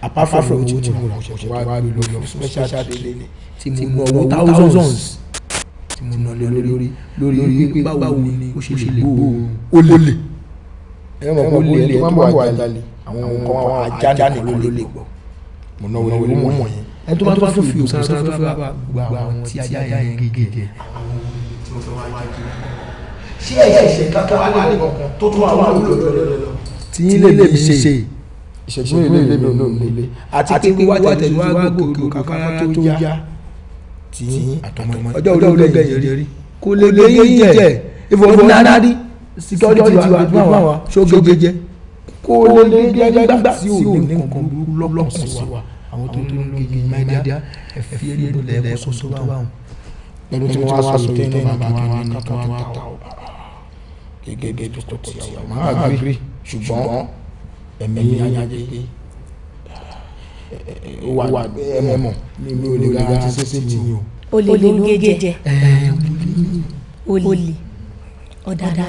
apart from owó tí mo rà kò ṣe wá mi lórí ọ̀hún special trade tí mo ná owó thousands tí mo ná lé lórí lórí pé báwo ni ó ṣe lè gbó o lè ẹ mọ̀ pé olè ẹ tó máa ń wà jalè àwọn kan wà ajá nìkan ló lè gbọ́ mo ná owó lórí mọ̀ yẹn ẹni tó bá tó fi òkú sára tó fẹ́ gba àwọn tí ajá yẹn gègé jẹ. ṣé ẹ̀yà ìṣẹ̀ká tó wà ní ọkàn tó tún àwọn àwùjọ lọ́lọ́lọ́. tí ilé lè mi ṣe ìṣẹ́jú ilé mi ló mi lé àti pé wá tẹ̀lé wá gòkè òkàkàrà tó yá tí àtọmọ ọjọ́ orí ọgbẹ́ yẹn rí kò lè lè yé jẹ ìfowópamọ́ náírà rí security wa gbọ́n wa ṣógéjẹ kò lè lè jẹ nígbà tí ò ní nǹkan burú lọ́kàn sí wa àwọn tó tó ń lo gègé máìdá ẹ̀fí ẹ̀lẹ́dọ̀ lẹ́ẹ̀kọ́ sọ bá wọn. pẹ̀lú tí wọ́n á sọ yìí tó bá kí wọ́n á kọ́ wọ́n á ta ọ̀ gègé tó tó ti yà máa gbé ṣùgbọ́n ẹ̀mí ayájẹ́ wà ẹ̀mọ̀ mi ò lè ra ti ṣe olè ló ń gèjè olè ọ̀dàdà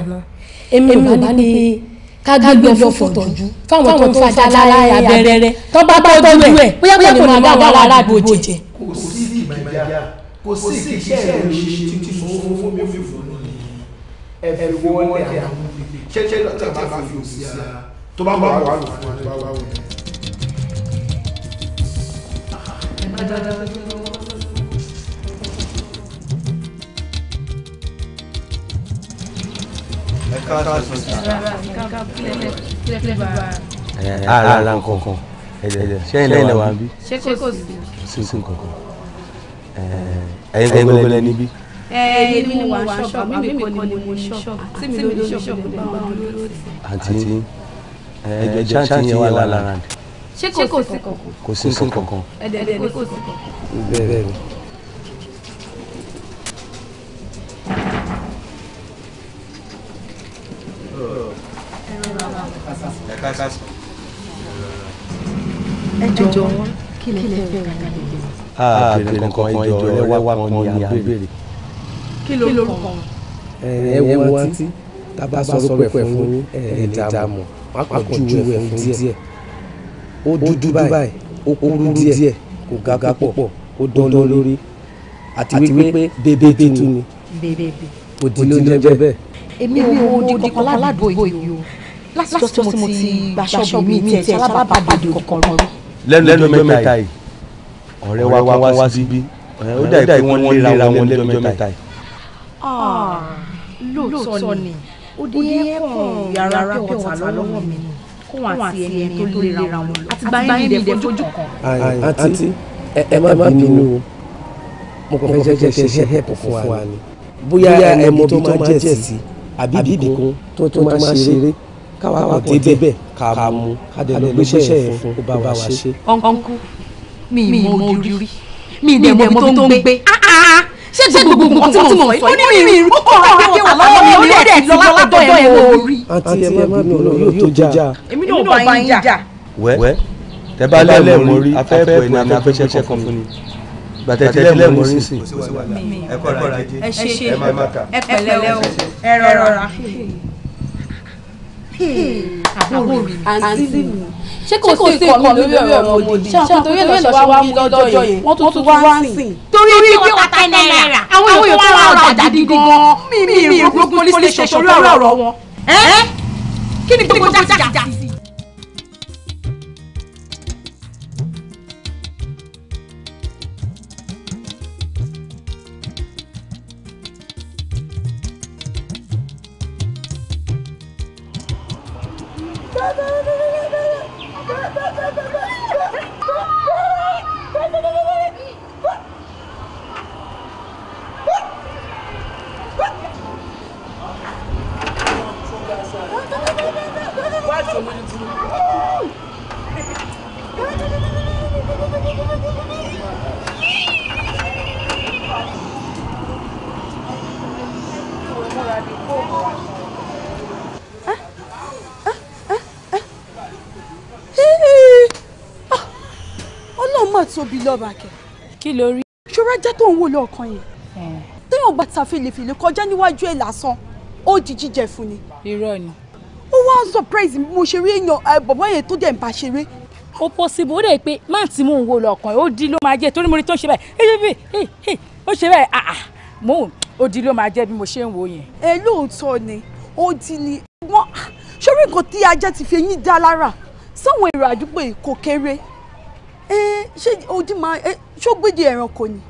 èmi ò bá ní pé ká gbégbé ọ̀fọ̀ tọ̀jú fáwọn tó ń fajà láyé abẹ́rẹ́ rẹ tó bá tọ́jú ẹ̀ bóyá kò ní máa bá wa aládùúgbò jẹ. kò sí ìgbàjà kò sí ìkíṣẹ́ ìròyìn ṣe tí mo fún mi fún mi ẹ fi wọlé àwọn ṣẹ́ṣẹ́ lọ́tà bá fi òsì ara tó bá bá wà lò fún ẹ má dáadáa lọ́jọ́ ẹ káàsán sà. ara ara nkankan ṣẹ́yìn lẹ́wọ̀n wa bí. ṣé kò sí. sí nkankan. ẹ̀yin gbogbo lẹ níbí. ẹ̀yin mi ni wà ṣọ́ọ̀bù àmì mi kò ní mo ṣọ́ọ̀bù àti mi ló ní ṣọ́ọ̀bù lè bá wọn lórí. àǹtí ẹ̀jẹ̀ ṣáàtì yẹn wà lára. ṣé kò sí kankan. kò sí kankan. ẹ̀dẹ̀ ẹ̀dẹ̀ kò sí kankan. ẹ̀ka ẹ̀ka sọ. ẹ jọ wọn kí lè fẹ́ ra ah, ká lè àbèrè kankan ẹjọ ẹwà kan ni àbèrè. kí ló kọ wọn. ẹ wo àǹtí tábà sọ̀rọ̀ pẹ fún yín ẹ dààmú akọjú ẹ fún díẹ̀. ó dúdú báyìí ó kúrú díẹ̀ kò ga púpọ̀ ó dán lórí àti wípé bébé tuntun ni òdì ló ń yìí o lásìkò tí mo ti gbaṣọ́ mi mi tẹ̀ ṣalábàbàdé kọ̀ọ̀kan rẹ. lẹ́nu lẹ́nu mẹ́ta yìí ọ̀rẹ́ wa kan wá síbí ó dà pé wọ́n léra wọn lẹ́nu mẹ́ta yìí. lóòótọ́ ni ó dé ẹ̀kọ́ yàrá pẹ̀ ọ̀tà lọ́wọ́ mi ni kó wọn àti ẹni tó lè ra wọn lọ àti báyìí ní ìdẹ fojú kan. àǹtí ẹ má bínú o mo kàn fẹ́ jẹ́ ṣe help fún wa ni bóyá ẹ mọ bí tó máa jẹ́ sí àbí ibìkan tó tó máa ṣeré káwa kò débẹ̀ ká mú ká dẹ̀ lọ gbéṣẹ́ ẹ̀ fún kó bá wa ṣe. ọ̀nkú mi ì mọ ojú rí mi ì dẹ̀ mọ ibi tó ń gbé ṣé gbogbo nǹkan tí mo sọ yìí ó ní mi rí ó kọ́ ọ̀rọ̀ àgbẹ̀ wà lọ́wọ́ mi ó dẹ̀ ti lọ látọ̀dọ̀ ẹ̀ wò rí. àǹtí ẹ má bínú ọ̀rọ̀ yóò tó jà. èmi náà bá yín jà. wẹ́ẹ́ tẹ bá lẹ́ẹ̀ mọ rí afẹ́fẹ́ ìlànà ní afẹ́ṣẹ́ṣẹ́ kan fún ni gbàtẹ́tẹ́ lẹ́ẹ̀ mọ rí sí. ẹ kọ́ra ẹ ṣe ẹ pẹ̀lẹ́ o ẹ rọra àbúrò mi àǹtí mi ṣé kò sí ìkọ́ mi lórí ọ̀rọ̀ ọmọdé ṣé àwọn torí ẹ̀lọ́ṣẹ́ wá wá mú lọ́jọ́ yẹn wọ́n tún tún wá ń sìn. torí bí wọ́n ta náírà àwọn èèyàn tó wá ra ọjà gidi gan mi mi ìrógún police station torí ọ̀rọ̀ wọn. kí ni gbogbo jájà sí tóbi lọ́ba kẹ̀. kí ló rí. ṣọ́ra jẹ́ tó ń wò lọ́ọ̀kan yẹn. téèyàn bá ta fèlèfèlè kọjá níwájú ẹ̀ lásán ó di jíjẹ fún ni. irọ́ ni. ó wá surprise mo ṣe rí èèyàn bọ̀bọ̀ yẹn tó dẹ̀ ń bá ṣeré. ó possible ó dẹ̀ pé máà tí mò ń wò lọ́ọ̀kan yẹn ó di ló máa jẹ́ torí mo rí tó ń ṣe báyìí ó ṣe báyìí mo ò di ló máa jẹ́ bí mo ṣe ń wò yẹn. ẹ lóòótọ́ ni ó di ni wọ́n ṣorí nǹkan tí ajá ti fi eyín dá lára sáwọn èrò àdúgbò kò kéré ẹ eh, ṣé odi máa ẹ eh, ṣó gbèdè ẹranko ni.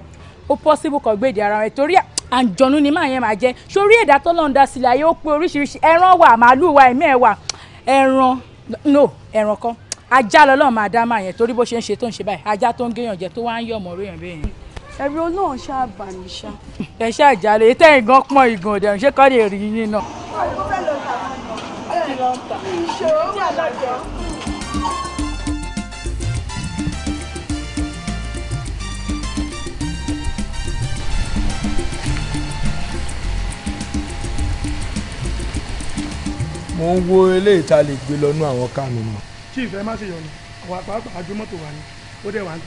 ó possible kan gbèdè ara rẹ torí àǹjọ̀nú ni máa yẹn máa jẹ sórí ẹ̀dá tọ́lọ́run dá sílẹ̀ ayé ó pé oríṣiríṣi ẹran wà màálù wà ẹ̀mí ẹ̀ wà ẹran no ẹran kan ajá lọ́lọ́run máa dá máa yẹn torí bó ṣe ń ṣe tó ń ṣe báyìí ajá tó ń géèyàn jẹ tó wá ń yọ̀ mọ́ réèyàn bẹ́ẹ̀ yẹn. ẹ̀rọ náà ṣáà bà mí ṣá. ẹ ṣáà jálè tẹ́yìn gan pọ́n ìgàn ọ̀dẹ̀rùn ṣé kọ́ lè rí yín náà. mo ń wo eléyìí tá a lè gbé lọ́nú àwọn ká mi chief ẹ má ṣe yọnu àwọn àpapọ̀ àjọ mọ́tò wa ni ó dẹ̀ wà ń.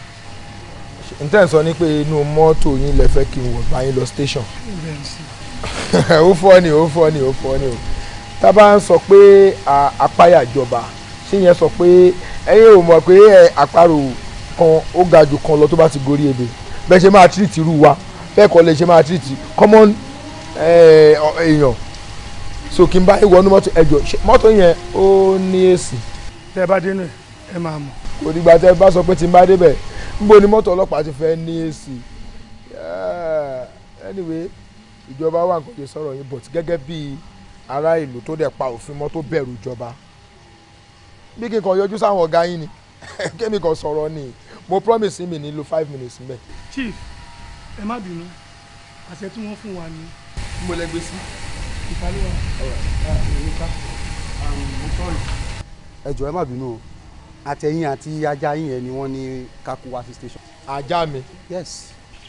n tẹ́ ẹ̀ sọ ni pé inú mọ́tò yín lẹ fẹ́ kí n wọ̀ bá lọ station. ó fọ́ ni ó fọ́ ni ó fọ́ ni o tá a bá ń sọ pé apáyà jọba ṣé yẹn sọ pé ẹ̀yin ò mọ̀ pé àparò kan ó ga jù kan lọ tó bá ti gorí ebè bẹ́ẹ̀ ṣe máa tírìtì irú wa bẹ́ẹ̀ kọ́ lẹ ṣe máa tírìtì common èèyàn. Eh, so kí n bá ìwọ ní mọ́tò ẹjọ́ mọ́tò yẹn ó ní èsì. tẹ bá dénú ẹ máa mọ̀. kò dìgbà tẹ bá sọ pé tí n bá débẹ̀ níbo ni mọ́tò ọlọ́pàá ti fẹ́ ní èsì eh, anyway ìjọba wà nǹkan tó sọ̀rọ̀ yìí but gẹ́gẹ́ bí ará ìlú tó dẹ̀ pa òfin mọ́ tó bẹ̀rù ìjọba bí kí n kàn yọjú sáwọn ọ̀gá yín ni kémi kan sọ̀rọ̀ ni mo promise mi nílò five minutes mbẹ. chief ẹ má bínú àṣẹ tí wọ́n fún wa ni. mo lẹ gbé sí ẹ jọ̀ọ́ ẹ má bínú o àtẹ̀yìn àti ajá yín yẹn ni wọ́n ní kakú wá sí station. ajá mi. yes.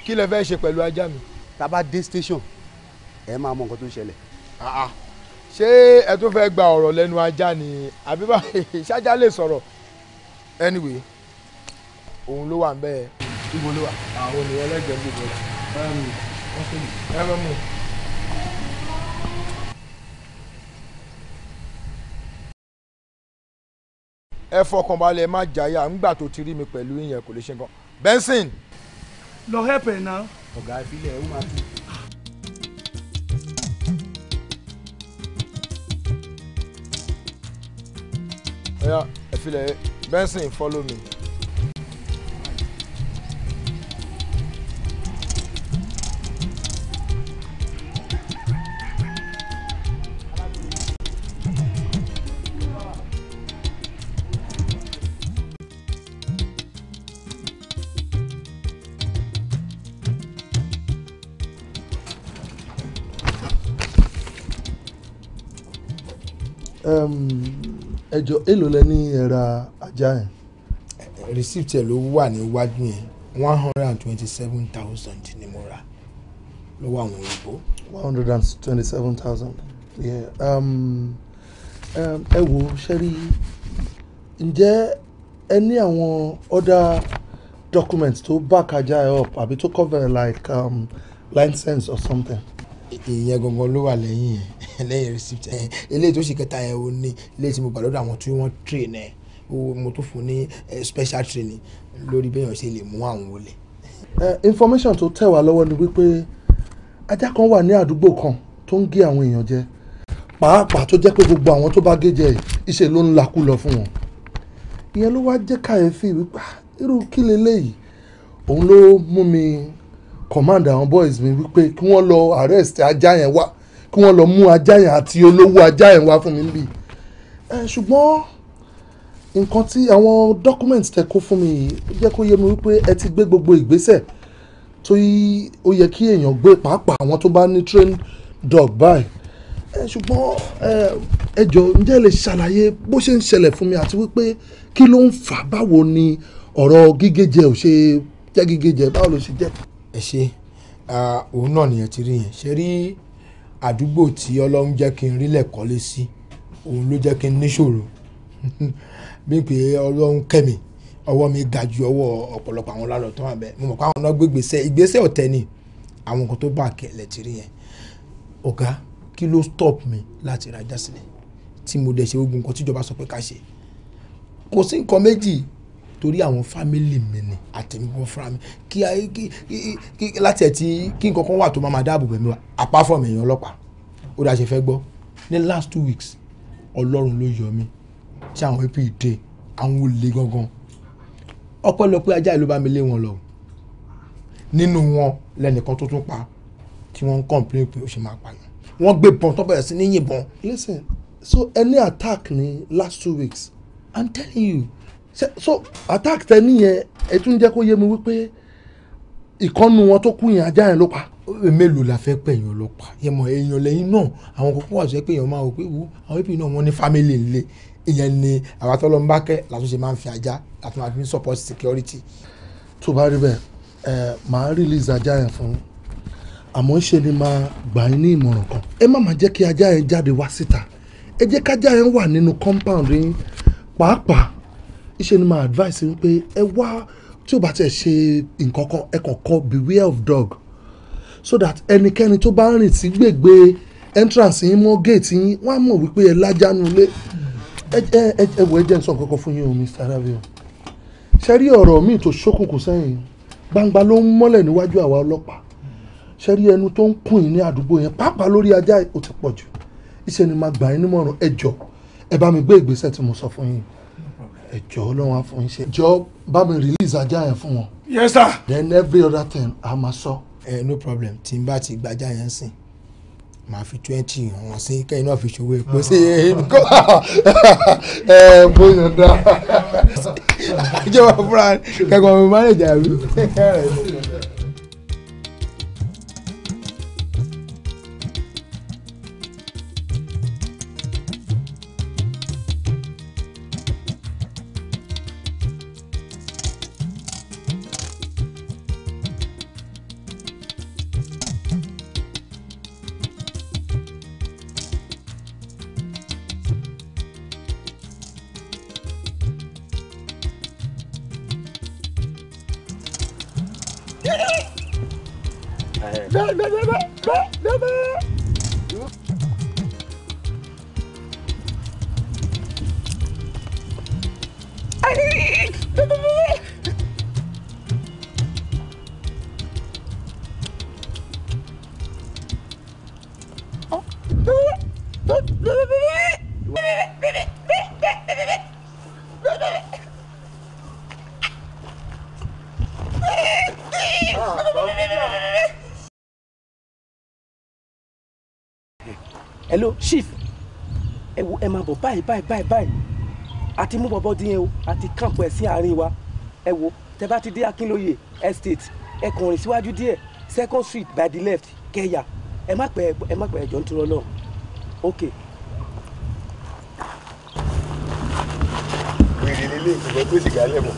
kí lẹ fẹ́ ṣe pẹ̀lú ajá mi. tá a bá dé station ẹ máa mọ nǹkan tó ń ṣẹlẹ̀. ṣé ẹ tún fẹ́ gba ọ̀rọ̀ lẹ́nu ajá ni àbí bá ṣájá lè sọ̀rọ̀ anyway òun ló wà ń bẹ́ẹ̀. ibo ló wà. àwọn olùwọlẹ́gbẹ̀ẹ́ gbogbo ẹ̀ ẹ̀ mú. ẹ fọkàn balẹ̀ má jáyà ńgbà tó ti rí mi pẹ̀lú ìyẹn kò lè ṣe nǹkan Benson. lọ help ẹ náà. ọ̀gá ìfilẹ̀ ó máa tún. ẹ filẹ̀ Benson follow me. ẹjọ èlò lẹ ní ẹ̀ra ajá yẹn. receipt ẹ ló wà níwájú yẹn one hundred and twenty-seven thousand ni mo rà lọ́wọ́ àwọn òyìnbó. one hundred and twenty-seven thousand ẹ wo ṣẹ́rí ǹjẹ́ ẹ ní àwọn other documents tó back ajá ẹ up àbí tó cover like um, license or something. ìyẹn gangan ló wà lẹ́yìn yẹn lẹ́yìn receipt ẹ̀ eh, eléyìí tó ṣe kẹta ẹ̀ o ní eléyìí tí mo gbà lọ́dọ̀ àwọn tí wọ́n train ẹ̀ mo tó fún ní eh, special training lórí bẹ́yàn ṣe lè mú àwọn olè. Eh, information tó tẹ̀ wá lọ́wọ́ ni wípé ajá kan wà ní àdúgbò kan tó ń gé àwọn èèyàn jẹ pàápàá tó jẹ́ pé gbogbo àwọn tó bá gé jẹ ìṣe ló ń lakú lọ fún wọn ìyẹn ló wá jẹ́ káyẹ̀fì wípé ah, irú kí leléyìí òun ló mú mi command àwọn boys mi wípé kí wọ́n lọ arrest ajá yẹn wá kí wọ́n lọ mú ajá yẹn àti olówó ajá yẹn wá fún mi níbí ẹ ṣùgbọ́n nǹkan tí àwọn document tẹ kó fún mi yìí jẹ́ kó yé mi wípé ẹ ti gbé gbogbo ìgbésẹ̀ tó yí ó yẹ kí èèyàn gbé pàápàá àwọn tó bá ní trained dog báyìí ṣùgbọ́n ẹ jọ ǹjẹ́ lè ṣàlàyé bó ṣe ń ṣẹlẹ̀ fún mi àti wípé kí ló ń fà báwo ni ọ̀rọ̀ gígéjẹ ò ṣe jẹ́ gígéjẹ báwo ló ṣe jẹ́. ẹ ṣe òun náà nìyẹn ti rí yẹn ṣe rí àdúgbò tí ọlọ́run jẹ́ kí n rílẹ̀ kọ́lé sí òun ló jẹ́ kí n níṣòro bí pé ọlọ́run kẹ́mi ọwọ́ mi ga ju ọwọ́ ọ̀pọ̀lọpọ̀ àwọn lálọ́ tó wà bẹ́ẹ̀ mo mọ̀ pé àwọn náà gbé gbèsè ìgbésẹ̀ ọ̀tẹ̀ ni àwọn nǹkan tó bá kẹlẹ̀ ti rí yẹn ọ̀gá kí ló stop mi láti ra jásílẹ̀ tí mo dẹ̀ ṣe gbogbo nǹkan tíjọba sọ pé ká ṣe kò sí nǹkan méjì torí àwọn fámìlì mi ni àtẹ̀mí wọn fúnra mi kí láti ẹ̀ tí kí nǹkan kan wà tó máa máa dáàbò bẹ̀mí wa àpáfọ̀mù èèyàn ọlọ́pàá ó dá ṣe fẹ́ gbọ́ ní last two weeks ọlọ́run ló yọ mí tí àwọn ap dé àwọn olè gangan ọpẹ́lọpẹ́ ajá ìlú bá mi lé wọn lọ nínú wọn lẹ́nìkan tó tún pa tí wọ́n ń complain pé ó ṣe máa pààyàn wọ́n gbé bọn tó bẹ̀rẹ̀ sí ní yìnbọn. listen so any attack ni last two weeks i'm telling you so attack tẹ nìyẹn ẹ tún jẹ́ kó yé mi wípé ìkọ́nu wọn tó kú yẹn ajá yẹn ló pa. mélòó la fẹ́ pẹ̀yìn ọlọ́pàá yẹn mọ̀ èèyàn lẹ́yìn náà àwọn kókó wà sọ pé èèyàn máa wò pé wò àwọn èèyàn náà wọ́n ní family ńlẹ̀ ìyẹn ni àwọn atọ́lọ́ ń bá kẹ́ látúnṣe máa ń fi ajá látúnṣe máa fi ń support security. tó bá rí bẹ́ẹ̀ ẹ máa release ajá yẹn fún àmọ́ ṣe ni máa gbà yín ní ìmọ̀ràn kan ẹ má máa jẹ́ kí ajá yẹn jáde wá síta ẹ jẹ́ kájá yẹn wà nínú compound yín pàápàá iṣẹ́ ni máa advice wípé ẹ wá tí o bá tẹ̀ ṣe nǹkan kan ẹ kàn kọ beware of dog so that ẹnikẹ́ni tó bá rìn sí gbègbè entrance yín mọ́ gate yín wọ́n á mọ̀ wípé ẹ lájánu ilé ẹ wọ ẹ jẹ́ nsọ kankan fún yín o Mr. Ravi ṣe rí ọ̀rọ̀ míì tó ṣókùnkùn sẹ́yìn gbangba ló ń mọ́lẹ̀ níwájú àwa ọlọ́pàá ṣe rí ẹnu tó ń kùn yín ní àdúgbò yẹn pàápàá lórí ajá ò ti pọ̀ jù iṣẹ́ ni máa gbà yín nímọ̀ràn ẹ jọ ẹ bá mi gbé ìgbésẹ̀ tí mo sọ fún yín ẹjọ Ọlọ́run á jọ bá mi release ajá yẹn fún wọn. yes sir. then every other time a máa sọ. ẹ no problem tí n bá ti gbajá yẹn sìn màá fi twenty hàn sí kẹ́yìn náà fi ṣòwò epo sí ẹnìkọ́ ẹ bóyá dá ìjọba fúnra kẹ́kọ̀ọ́ mi máa ń jà rí. báyìí báyìí báyìí báyìí àti mú bọ̀bọ̀ dín yẹn o àti kàǹpù ẹ̀ sí àárín wa ẹ wo tẹ bá ti dé Akínlóye estate ẹ kàn rìn síwájú díẹ̀ second street by the left kẹyà ẹ má pẹ́ ẹ má pẹ́ ẹ̀jọ̀ ń turọ́ náà ok. wèrè lélẹ́yìn ìgbẹ́ tó sì gálẹ̀ mọ́.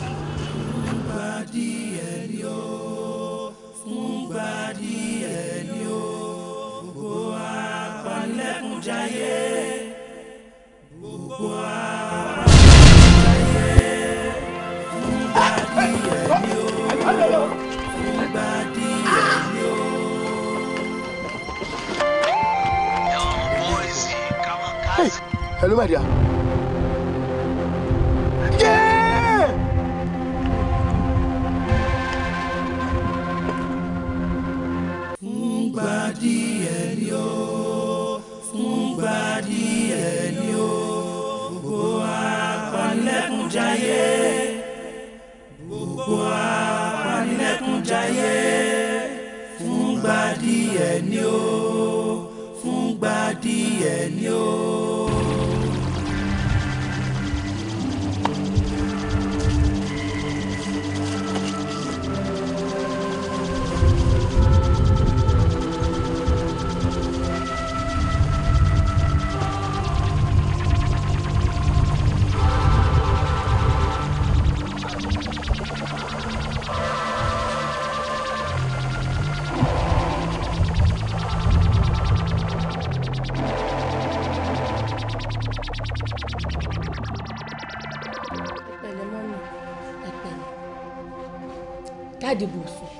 dìbò fún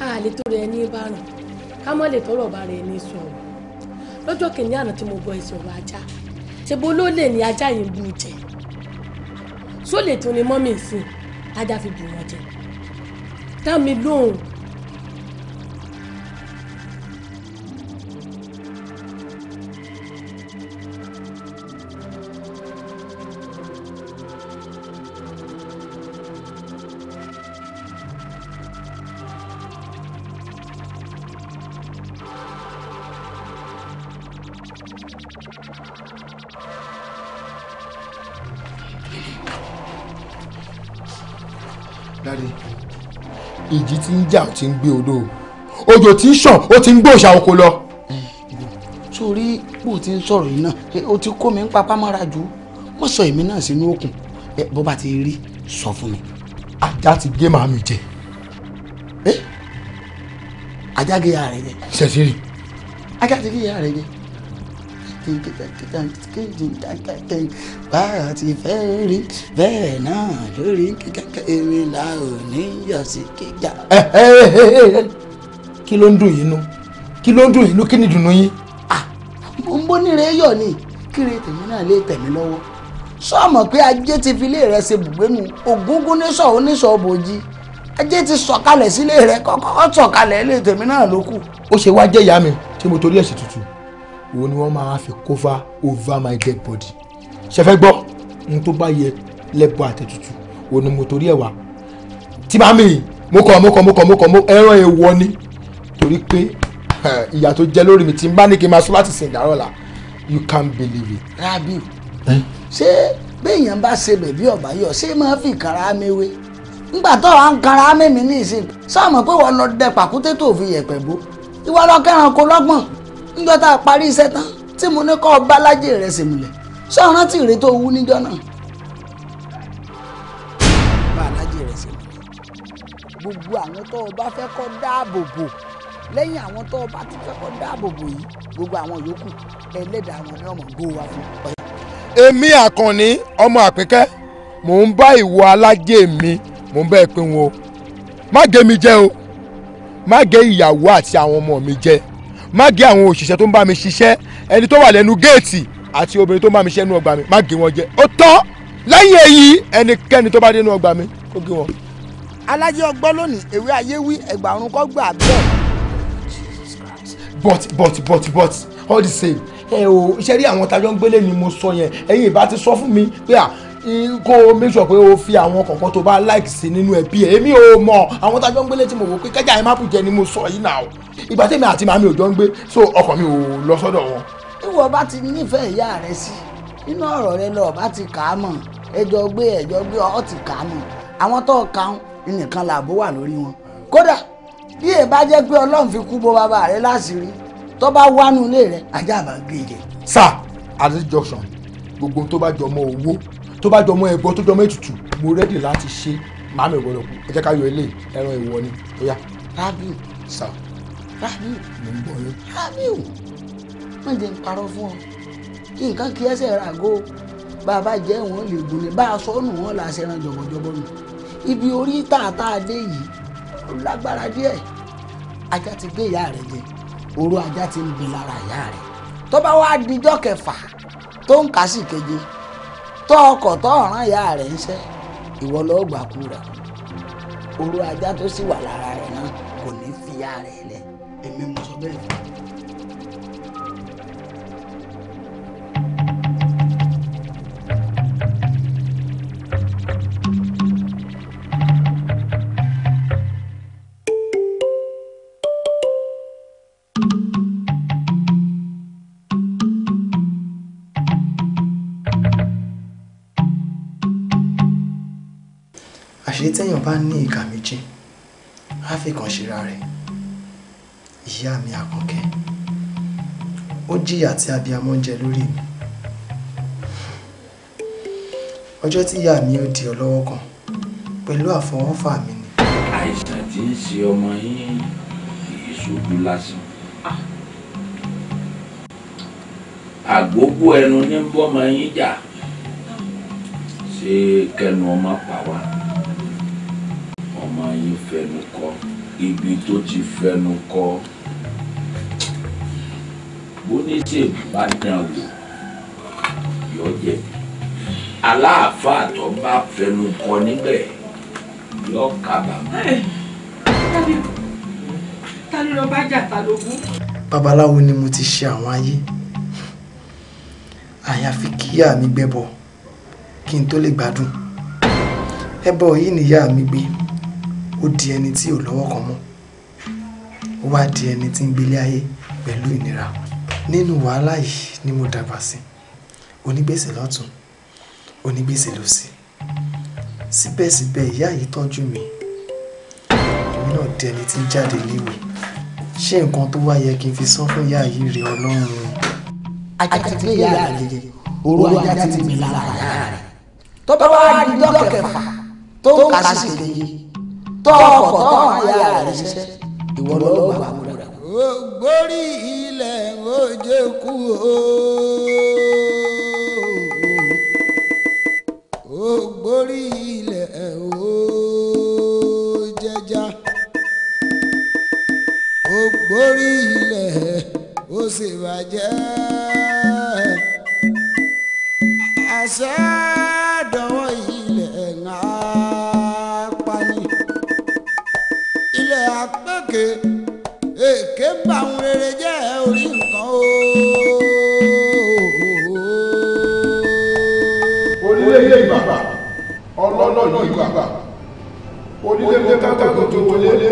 a lè tọrọ ẹni bá rùn ká mọ́ lè tọrọ bá rẹ ẹni sọ̀rọ̀ lọ́jọ́ kìnínní àná tí mo gbọ́ ìsọ̀rọ̀ ajá ṣebo ló lè ní ajá yìí bù jẹ só lè tún ni mọ́mì sí ajá fi bù wọn jẹ dá mi lóhùn ń jà ó ti ń gbé odò òjò tí ń ṣàn ó ti ń gbòòṣà oko lọ. sórí bó ti ń sọ̀rọ̀ yìí náà o ti kó mi ń papá mọ́ra jù wọ́n sọ èmi náà sínú òkun bó bá ti rí sọ fún mi. ajá ti gé màá mi jẹ. ajá gé ara rẹ jẹ. rí. ajá ti gé ara rẹ báà ti fẹ́ rí bẹ́ẹ̀ náà lórí èmi là ò ní yọ̀ sí kíjà kí ló ń dùn yín nú kí ló ń dùn yín nú kí ni dùnú yín. Ah, bó ní rẹ yọ ni kíre tèmi náà lè tẹ̀mí lọ́wọ́ sọ́ọ̀mọ̀ pé ajé ti fi ilé rẹ ṣe bùgbénu ògúngún níṣọ̀ oníṣọ̀ bòjì ajé ti sọ̀kalẹ̀ sílé rẹ kọ́kọ́ sọ̀kalẹ̀ ilé tèmi náà ló kù. ó ṣe wá jẹ́ ìyá mi tí mo torí ẹ̀sìn tuntun òun ni wọ́n máa fi cover over my dead body ṣe fẹ́ gbọ́ n tó bá yẹ lẹ́bọ̀ àtẹ̀tutù òun ni mo torí ẹ̀ wá tí bá mi yìí mo kọ̀ mo kọ̀ mo kọ̀ mo kọ̀ mo ẹran èèwọ̀ ni torí pé eh, ìyà tó jẹ lórí mi ti ń bá ní kí n máa sọ láti sìn dárọ̀ la you can't believe it. rabiu eh? ṣé béèyàn bá ṣe bèbí ọ̀bá yọ ṣé máa fi kàrá mewé nígbà tó à ń kàrá mẹ́mi ní ìsìn sáà mọ̀ pé wọ́n lọ dẹ pàkúté tó fi yẹ̀pẹ̀ bó ìwọ lọ kẹ́ran kó lọ́gbọ̀n níjọ́ tá a parí iṣẹ́ tán tí mo ní kọ́ ọ bá lájẹ́ rẹ̀ sèmùlẹ̀ sọ̀rántì rẹ̀ tó wú níjọ́ náà gbogbo àwọn tó o bá fẹ́ kó dáàbò bò lẹ́yìn àwọn tó o bá ti fẹ́ kó dáàbò bò yìí gbogbo àwọn yòókù ẹlẹ́dàá wọn ni ọmọ gbó wa fún ọyà. èmi àkànní ọmọ àpínkẹ́ mò ń bá ìwọ alájẹ mi mò ń bá ẹ pé wọn o má gé mi jẹ o má gé ìyàwó àti àwọn ọmọ mi jẹ má gé àwọn òṣìṣẹ́ tó ń bá mi ṣiṣẹ́ ẹni tó wà lẹ́nu géètì àti obìnrin tó ń bá mi ṣiṣẹ́ nínú ọgbà mi má gé wọn jẹ ó tán lẹ́yìn èyí ẹnikẹ́ni tó bá dé nínú ọgbà mi kó gé wọn aláyé ọgbọ́n lónìí ewé ayé wí ẹgbàrún kọ́ gbà bẹ́ẹ̀. but but but but all the same ẹ o ṣe rí àwọn tajọ ń gbélé ni mo sọ yẹn ẹ̀yin ìbá ti sọ fún mi pé à kó o make sure pé o fi àwọn kọ̀ọ̀kan tó bá like sí nínú ẹbí ẹ èmi ò mọ̀ àwọn tajọ ń gbélé tí mo wò pé kẹjà ẹ má bùjẹ ni mo sọ yìí náà ìgbà tèmi àti màmí ò jọ ń gbé so ọkàn mi ò lọ sọ́dọ̀ wọn. ìwọ bá ti nífẹ̀ẹ́ ìyá rẹ sí nínú ọ̀rọ̀ rẹ lọ bá ti kà á mọ̀ ẹjọ́ gbé ẹjọ́ gbé ọ ti kà á mọ̀ àwọn tó kà á nìkan làbó wà lórí wọn kódà bí èyí bá jẹ́ pé ọlọ́run fi kú bò bàbá rẹ láṣìírí tó bá wánú ilé rẹ ajá àbá gbé e jẹ. sir at this junction gbogbo tó bá jọmọ owó tó bá jọmọ ẹbọ tó jọmọ ètùtù mo rẹ́dì láti ṣe màámi ìwọ lọ́kùn ẹ jẹ́ ká yọ ilé ẹran ìwọ ni ó yá. Rabiu sir Rabiu mo ń bọ̀ yín. Rabiu wọ́n ti ń parọ́ fún ọ kí nǹkan kí ẹsẹ̀ rà gó bàbá jẹ́ wọn lè gùn bá a sọ́nù wọn là á jọ̀bọ̀jọ̀bọ̀ nù ibi orí tààtà dé yìí ó lágbára díẹ̀ ajá ti gbé ìyá rẹ̀ jẹ oró ajá ti ń bi lára ìyá rẹ̀ tó bá wá dijọ́ kẹfà tó ń kà sí keje tó ọkọ̀ tó ọ̀ràn ìyá rẹ̀ ń ṣe ìwọ lọ́ọ́ gbàkú rẹ̀ oró ajá tó sì wà lára rẹ̀ náà kò ní fi ìyá rẹ̀ lẹ̀ èmi mo sọ bẹ́ẹ̀ fún ṣé téèyàn bá ní ìka méjì á fi kan ṣera rẹ̀ ìyá mi àkànkẹ́ ó jìyà tí abiyamọ ń jẹ lórí mi ọjọ́ tí ìyá mi ó di ọlọ́wọ́ kan pẹ̀lú àfọwọ́fà mi ni. àìsàn tí ń ṣe ọmọ yín kìí ṣojú lásán ah! àgbógbó ẹnu ní bọ́mọ yín jà ṣé kẹnu ọmọ pa fẹnu kọ ibi tó ti fẹnu kọ bóníṣe bá dán wò yọ jẹ aláàfáà tó bá fẹnu kọ níbẹ̀ yọ kábàámọ̀. ta ló lọ bá jà ta lógún. babaláwo ni mo ti ṣe àwọn ayé àyàfi kíyà mi gbẹbọ kí n tó lè gbádùn ẹbọ yìí nìyá mi gbé ó di ẹni tí ò lọ́wọ́ kan mọ́ ó wá di ẹni tí ń gbélé ayé pẹ̀lú ìnira nínú wàhálà yìí ni mo dàgbà sí onígbèsè lọ́tún onígbèsè lọ́sì síbẹ̀síbẹ̀ ìyá yìí tọ́jú mi èmi náà di ẹni tí ń jáde léwe ṣé nǹkan tó wá yẹ kí n fi san fún ìyá yìí rèé ọlọ́run. àjàtìlé ìyá rẹ̀ orú ajá ti mi lára rẹ̀ tó bá wá di dọ́kẹ̀fà tó ń kà sí ìdíyẹ tọ́ọ̀kọ̀ tọ́ọ̀hán ya rẹ̀ ṣiṣẹ́ ìwọ lọ́wọ́ gbà kúrẹ́. ògbórí ilẹ̀ òjò kú o. ògbórí ilẹ̀ òjẹjà. ògbórí ilẹ̀ ó sì bàjẹ́. àṣà dọ̀wọ́. èké èké ń bá àwọn rere jẹ́ orí nǹkan o. onílé ìgbà ọlọ́lọ́ ìgbà onílé mọ́tàkà tó tó wọlé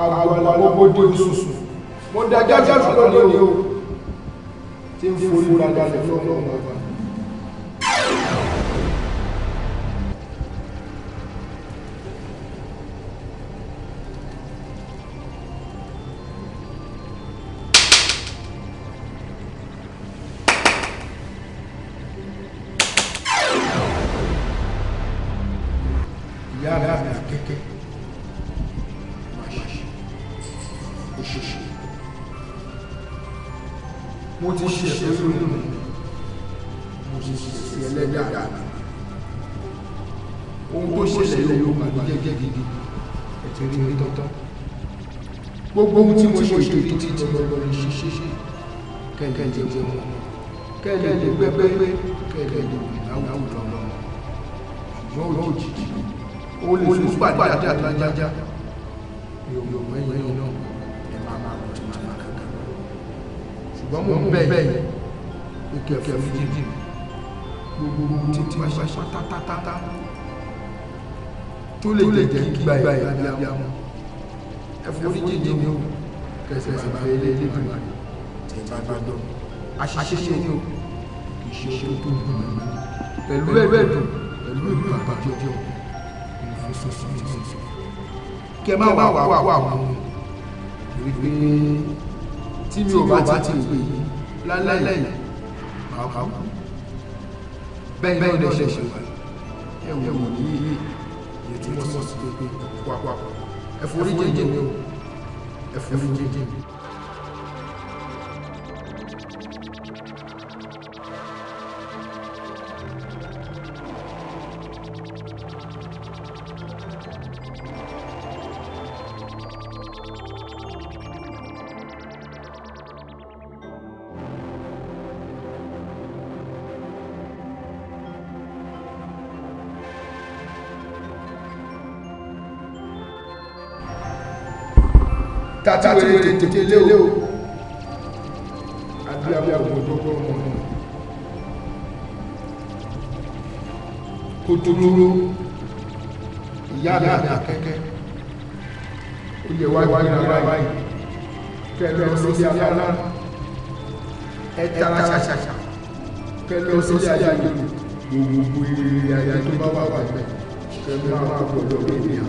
àgbàlá gbogbo dé oṣooṣù mo dájá jáde lọ́dọ̀ ni o tí ń forí balẹ̀ fún ọlọ́run ọba. ti ṣe sórí mi mo ti ṣe sí ẹlẹ́dàá mi ohun tó ṣẹlẹ̀ lè yóò máa ní jẹ́jẹ́ gidi ẹ̀tẹ̀ rí rí tọ́tọ́ gbogbo ohun tí mo ṣe ètò tí ti lọ lórí ṣíṣe kẹ́ẹ̀kẹ́ẹ̀dẹ̀ jẹ́ wọn kẹ́ẹ̀lẹ́dẹ̀ pẹ́pẹ́ kẹ́ẹ̀lẹ́dẹ̀ láwùjọ ọmọ ṣùgbọ́n òjijì ó lè sùn pàdé àti àtàjájá èèyàn mẹ́yìn náà ṣùgbọ́n mo bẹ̀ yìí ìkẹ́ fúnjì gbogbo títí pàṣẹ pátápátá tó lè jẹ́ kí gba ìyá bí amú ẹ̀fọ́ríjì ni o kẹsẹ̀ sì bá ilé ilé dùn rẹ̀ tí bá bá dọ̀ àṣìṣe ni o kì í ṣe ohun tó dùn mí pẹ̀lú ẹ̀rọ ẹ̀dùn pẹ̀lú ìlú àbájọ́jọ́ ìfúnṣọ́ṣọ́ kí ẹ má wà wà wà wọn tí mi ò bá ti pè lálẹ́ yìí máa kà kú bẹ́ẹ̀ náà lè ṣe ṣe wà ẹ̀wọ̀n ní yìí ètò ìmọ̀sọ̀sọ̀ pé pé wàpapọ̀ ẹ̀fọ́ orí jẹ́jẹ́ mi ẹ̀fọ́ orí jẹ́jẹ́ tata tí wèrè tètè lé o abíyá kò dọ́gbọ́n mọ́ kó dúró ìyá mi àti akẹ́kẹ́ ó yẹ wá ìwádìí náà báyìí kẹlẹ ọsọsí afárá ẹ tara ṣàṣàṣà kẹlẹ ọsọsí ayáyò gbogbo ìrìn àyà tó bá wà wà bẹ kẹlẹ máa wà gbọ́dọ̀ lórí ìyá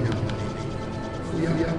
fúyàfúyà.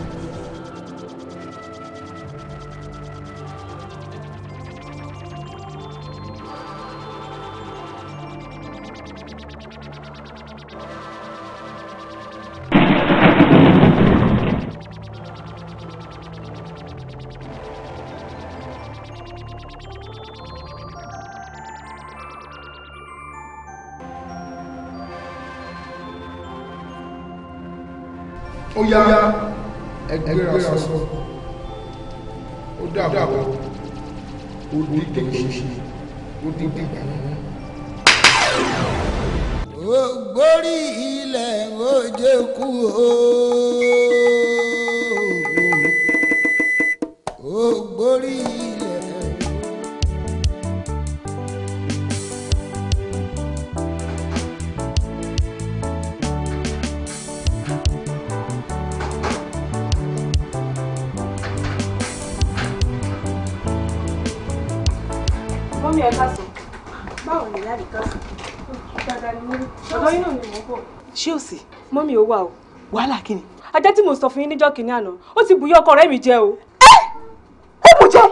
ló wà wàhálà kí ajá tí mo sọ fún yín níjọ́ kìíní ó ti bùyọ́ ọkọ rẹ̀ mi jẹ́ o. ẹ ó mú jẹ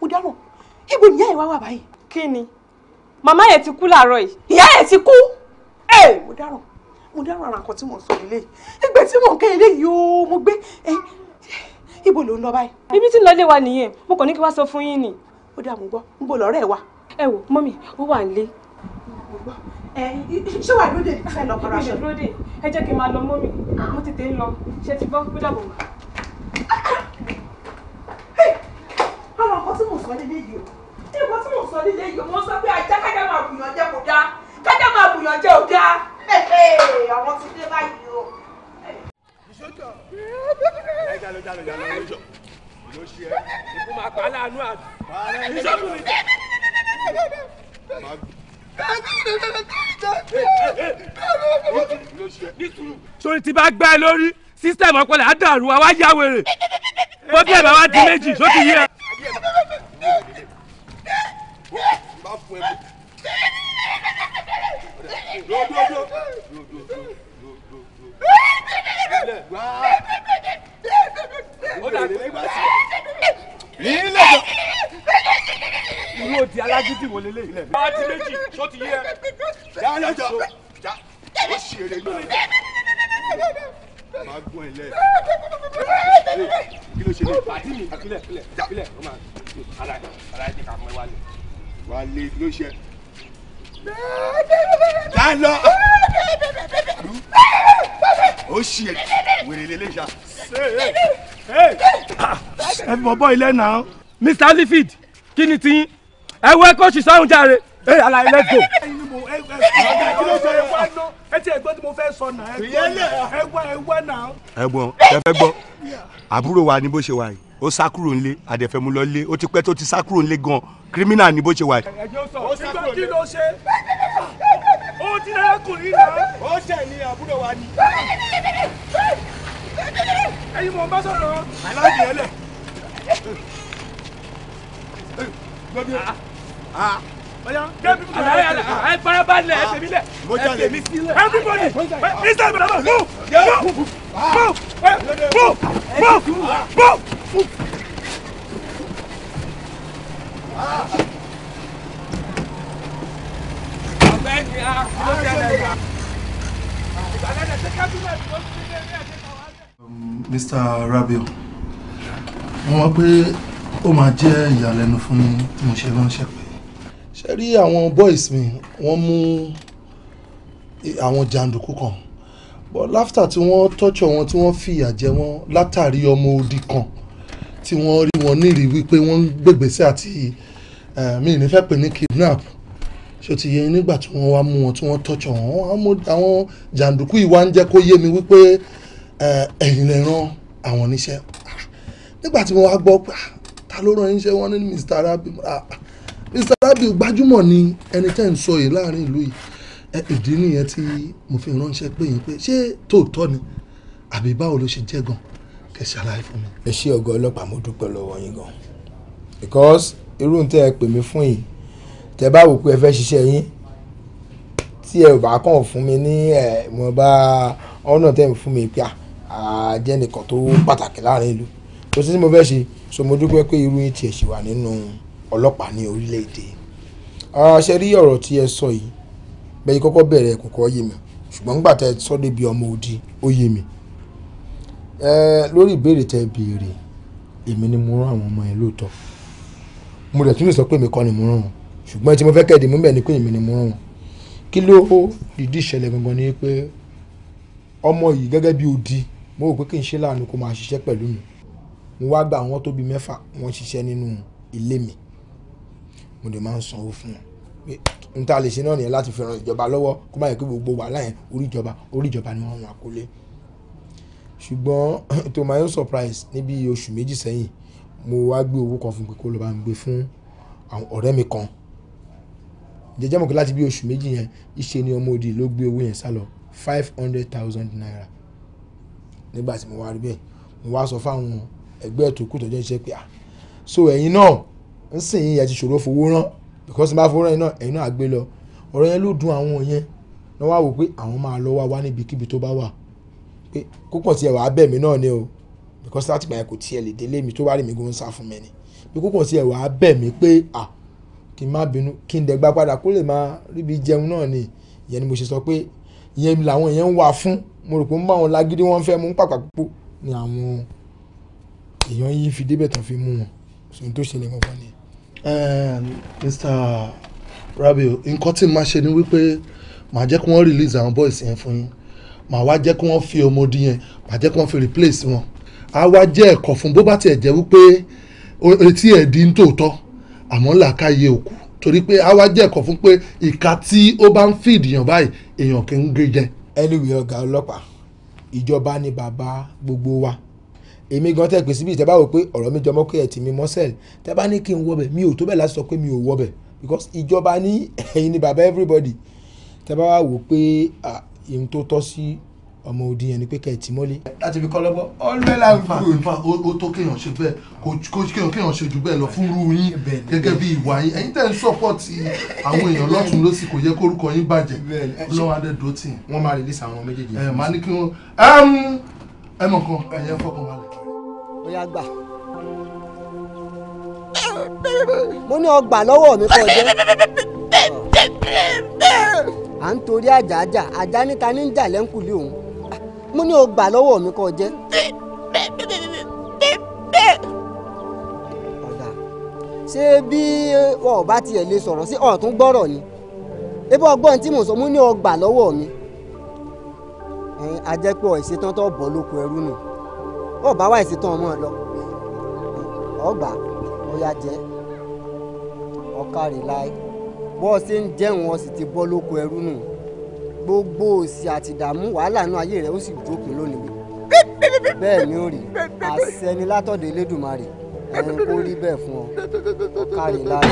mo dárò ibo ìyá ẹ wá wà báyìí. kí màmá yẹn ti kú yìí. ìyá ti kú. ẹ mo mo tí sọ nílé ìgbẹ́ tí o mo gbé ẹ ibo ló ń lọ báyìí. ibi tí ń lọ lé wa nìyẹn mo kàn ní kí wá sọ fún yín ni. ó dà ẹ jẹ́ kí n máa lọ mọ́ mi mo tètè ń lọ ṣe ti gbọ́ kó dàbọ̀ wá. ọ̀rọ̀ nǹkan tí mò ń sọ nílé yìí o nǹkan tí mò ń sọ nílé yìí o mo sọ pé ajá kájà máa bùyàn jẹ kò dáa kájà máa bùyàn jẹ ò dáa àwọn ti dé báyìí o. ẹ jalo jalo jalo ló jọ ló ṣe ẹ ikú máa pa á láàánú àdùn. ìṣòkùnrin sori ti bá gbá ẹ e lórí system ọpọlọ àdàrú àwa yá wèrè bó bí ẹ̀bà wa di méjì ló ti yí ilé ìjọba irú òdì alágídí wo lélẹ̀ ilẹ̀ mi. bá ti méjì tó ti yẹ. yálẹ̀ jọ ó ṣeré náà máa gbọ́n ẹ̀ lẹ̀. kí ló ṣe lè pàdé mi àpilẹ̀ àpilẹ̀ àpilẹ̀ ó máa ara ẹ̀ ara ẹ̀ ti kà mọ́ wálé. wálé ló ṣe. dá lọ. ó ṣe wèrè lélẹ̀ ṣá. ẹ bọ̀ bọ́ ilé náà. Mr. Alifid kí ni tiyín ẹ wọ ẹkọ ṣì sọrun járe ẹ alaye let's go. ẹ̀gbọ́n ẹ fẹ́ gbọ́ àbúrò wa ni bó ṣe wà yìí ó sá kúrò ńlé àdẹ̀fẹ̀mú lọ lé ó ti pẹ́ tó ti sá kúrò ńlé gan-an kírímínà ni bó ṣe wà yìí. ó sá kúrò ńlé ó ṣe ó ti rẹ́ kùnrin náà ó ṣẹ̀ ní àbúrò wa ni. ẹyin mò ń bá sọ̀rọ̀ aláàjì ẹlẹ̀ everybody ah, ah. ah. mr rabiu wọ́n wá pé ó máa jẹ́ ìyàlẹ́nu fún mi tí mo ṣe ránṣẹ́ pé. ṣe rí àwọn boys mi wọ́n mú àwọn jàǹdùkú kan but láftà tí wọ́n tọ́jọ́ wọn tí wọ́n fìyà jẹ wọn látàrí ọmọ odi kan tí wọ́n rí wọn nírì wípé wọ́n ń gbègbèsè àti mi ní fẹ́ pè ní kidnap ṣó ti yẹ nígbà tí wọ́n wá mú wọn tí wọ́n tọ́jọ́ wọn àwọn jàǹdùkú yìí wá ń jẹ́ kó yé mi wípé ẹ̀yin lè rán àwọn níṣẹ́ nígbà tí mo wá gbọ́ pé ta ló rán iṣẹ́ wọn ní Mr. Rabiu ah, ah, Mr. Rabiu gbajúmọ̀ ni ẹni tẹ́ ń sọ yìí láàrin ìlú yìí ìdí nìyẹn tí mo fi ránṣẹ́ pé yín pé ṣé tòótọ́ ni àbí báwo ló ṣe jẹ́ gan kẹsì aláì fún mi. ẹ ṣé ọgá ọlọ́pàá mo dúpẹ́ lọ́wọ́ yín gan because irú tẹ́ ẹ pè mí fún yìí tẹ́ bá wò pé ẹ fẹ́ ṣiṣẹ́ yín tí ẹ bá kàn fún mi ní ẹ mo bá ọ̀nà tẹ́ ń fún mi pé àjẹnìkan tó pàtàkì láàrin ìlú kò sí tí mo fẹ́ ṣe so mo dúpẹ́ pé irú yín tiẹ̀ ṣì wà nínú ọlọ́pàá ní orílẹ̀-èdè ṣe rí ọ̀rọ̀ tí ẹ sọ yìí bẹ́ẹ̀ kọ́kọ́ bẹ̀rẹ̀ kọ́kọ́ yé mi ṣùgbọ́n nígbà tẹ sọ débi ọmọ òdi ó yé mi lórí ìbéèrè tẹ béèrè èmi ni mo rán àwọn ọmọ yẹn lóòótọ́ mo rẹ̀ tún lè sọ pé èmi kọ́ ni mo rán wọn ṣùgbọ́n tí mo fẹ́ kẹ́ẹ̀dì mú bẹ́ẹ̀ ni pé èmi ni mo rán wọn kí ló dìdí ìṣẹ̀lẹ̀ gangan ni pé ọmọ yìí gẹ́gẹ́ bí odi mo rò pé kí n ṣe láàánú kó máa ṣiṣẹ́ pẹ̀lú mi mo wá gba àwọn tó bí mẹ́fà wọ́n ṣiṣẹ́ nínú ilé mi mo dẹ̀ máa ń sanwó fún wọn pé n ta lè ṣe náà nìyẹn láti fi ran ìjọba lọ́wọ́ kó má yẹ kí gbogbo wàhálà yẹn orí ìjọba orí ìjọba ni wọ́n wà kólé ṣùgbọ́n to my own surprise níbi oṣù méjì sẹ́yìn mo wá gbé owó kan fún pé kó lọ bá mi gbé fún àwọn ọ̀rẹ́ mi kan jẹjẹ mọ̀ pé láti bí oṣù méjì yẹn ìṣe ni ọmọ òdì ló gbé owó yẹn sá five hundred thousand naira nígbà tí mo wá rí bẹ́ẹ̀ mo wá sọ fáwọn ẹgbẹ́ tó kù tó jẹ́ pé à ah, so ẹ̀yin náà ń sìn yín ẹ ṣòro fowó rán because bá fowó rán yín náà ẹ̀yin náà á gbé lọ ọ̀rọ̀ yẹn ló dùn àwọn yẹn lọ́ wá wò pé àwọn máa lọ́ wá wá níbikíbi tó bá wà pé kókàn tiẹ̀ wàá bẹ̀ mí náà ni o because láti gbàyẹn kò tiẹ̀ lè délé mi tó bá rí mi gbóhùn sá fún mi ni pé kókàn tiẹ̀ wàá bẹ̀ mí pé à ah, kí n má bínú kí n dẹ̀ gbá padà kó lè máa ríbi jẹun náà ni ìyẹn ni mo ṣe sọ pé ìyẹn làwọn yẹn ń wà fún mo rò pé ń bá wọn lágídí wọn fẹ́ mú pàpàpọ̀ ni àwọn èèyàn yìí fi débẹ̀ tán fi mú wọn sùn tó ṣẹlẹ̀ kankan ni. Mr. Rabiu nǹkan tí màá ṣe ni wípé màá jẹ́ kí wọ́n release àwọn boys yẹn fún yín màá wá jẹ́ kí wọ́n fi ọmọdé yẹn màá jẹ́ kí wọ́n fi replace wọn á wá jẹ́ ẹ̀kọ́ fún bó bá tiẹ̀ jẹ́ wípé etí ẹ̀ di ń tòótọ́ àmọ́ làákàyè òkú torí pé á wá jẹ́ ẹ̀kọ́ fún pé ìka tí ó bá ń feed èèyàn báyìí èèyàn kì í gé jẹ. anyway ọ̀gá ọlọ́pàá ìjọba ni bàbá gbogbo wa èmi gan tẹ́ pè síbi ìtẹ́ bá wò pé ọ̀rọ̀ mi jọmọ́ pé ẹ̀ tì mí mọ́sẹ̀l tẹ́ bá ní kí n wọbẹ̀ mi ò tó bẹ́ẹ̀ láti sọ pé mi ò wọbẹ̀ because ìjọba ní ẹ̀yin ni bàbá everybody tẹ́ bá wà wò pé ìhun tó tọ́ sí ọmọ òdi yẹn ni pé kẹ́ ẹ̀ tì mọ́lé. láti fi kọ́ lọ́gbọ́ always am good. nfa o tó kéèyàn ṣe bẹ́ẹ̀ kó kéèyàn kéèyàn ṣe jù bẹ́ẹ̀ lọ fún irú yín gẹ́gẹ́ bí ìwà yín ẹ̀yin tẹ́ ń sọ́pọ̀tì àwọn èèyàn lọ́tún lọ́sì kò yẹ kórúkọ yín bàjẹ́ lọ́wọ́ adé dòtì. wọ́n máa release àwọn méjèèjì. ẹ̀ máa ní kí wọ́n um, ẹ̀ mọ̀ kan ẹ̀yẹ fọkàn balẹ̀ ó yá gbà. mo ní ọgbà lọ́wọ́ mi kọ́ jẹ́. à ń torí àjàjà àjà níta ní jà lẹ́ńkùlé òun mo ní ọgbà lọ́wọ́ mi kọ́ jẹ́. ṣé bí ọba tiẹ̀ lè sọ̀rọ̀ sí ọ̀tún gbọ́rọ̀ ni ebi ọgbọ́n tí mo sọ mo ní ọgbà lọ́wọ́ mi. ajẹ́pẹ́ ọ̀ ìṣetán tó bọ̀ lóko ẹrú nù ọba wa ìsìtàn ọmọ lọ ọgbà ọyà jẹ ọkàrè láì bọ́ ọ ṣe ń jẹun ọ sì ti bọ́ lóko ẹrú nù gbogbo òsì àti ìdààmú wàhálà inú ayé rẹ ó sì jókòó lónìí bẹ́ẹ̀ ni ó rí àṣẹ ni látọ̀dọ̀ Elédùmarè ẹ̀rín kó rí bẹ́ẹ̀ fún ọ ọkàrè láì.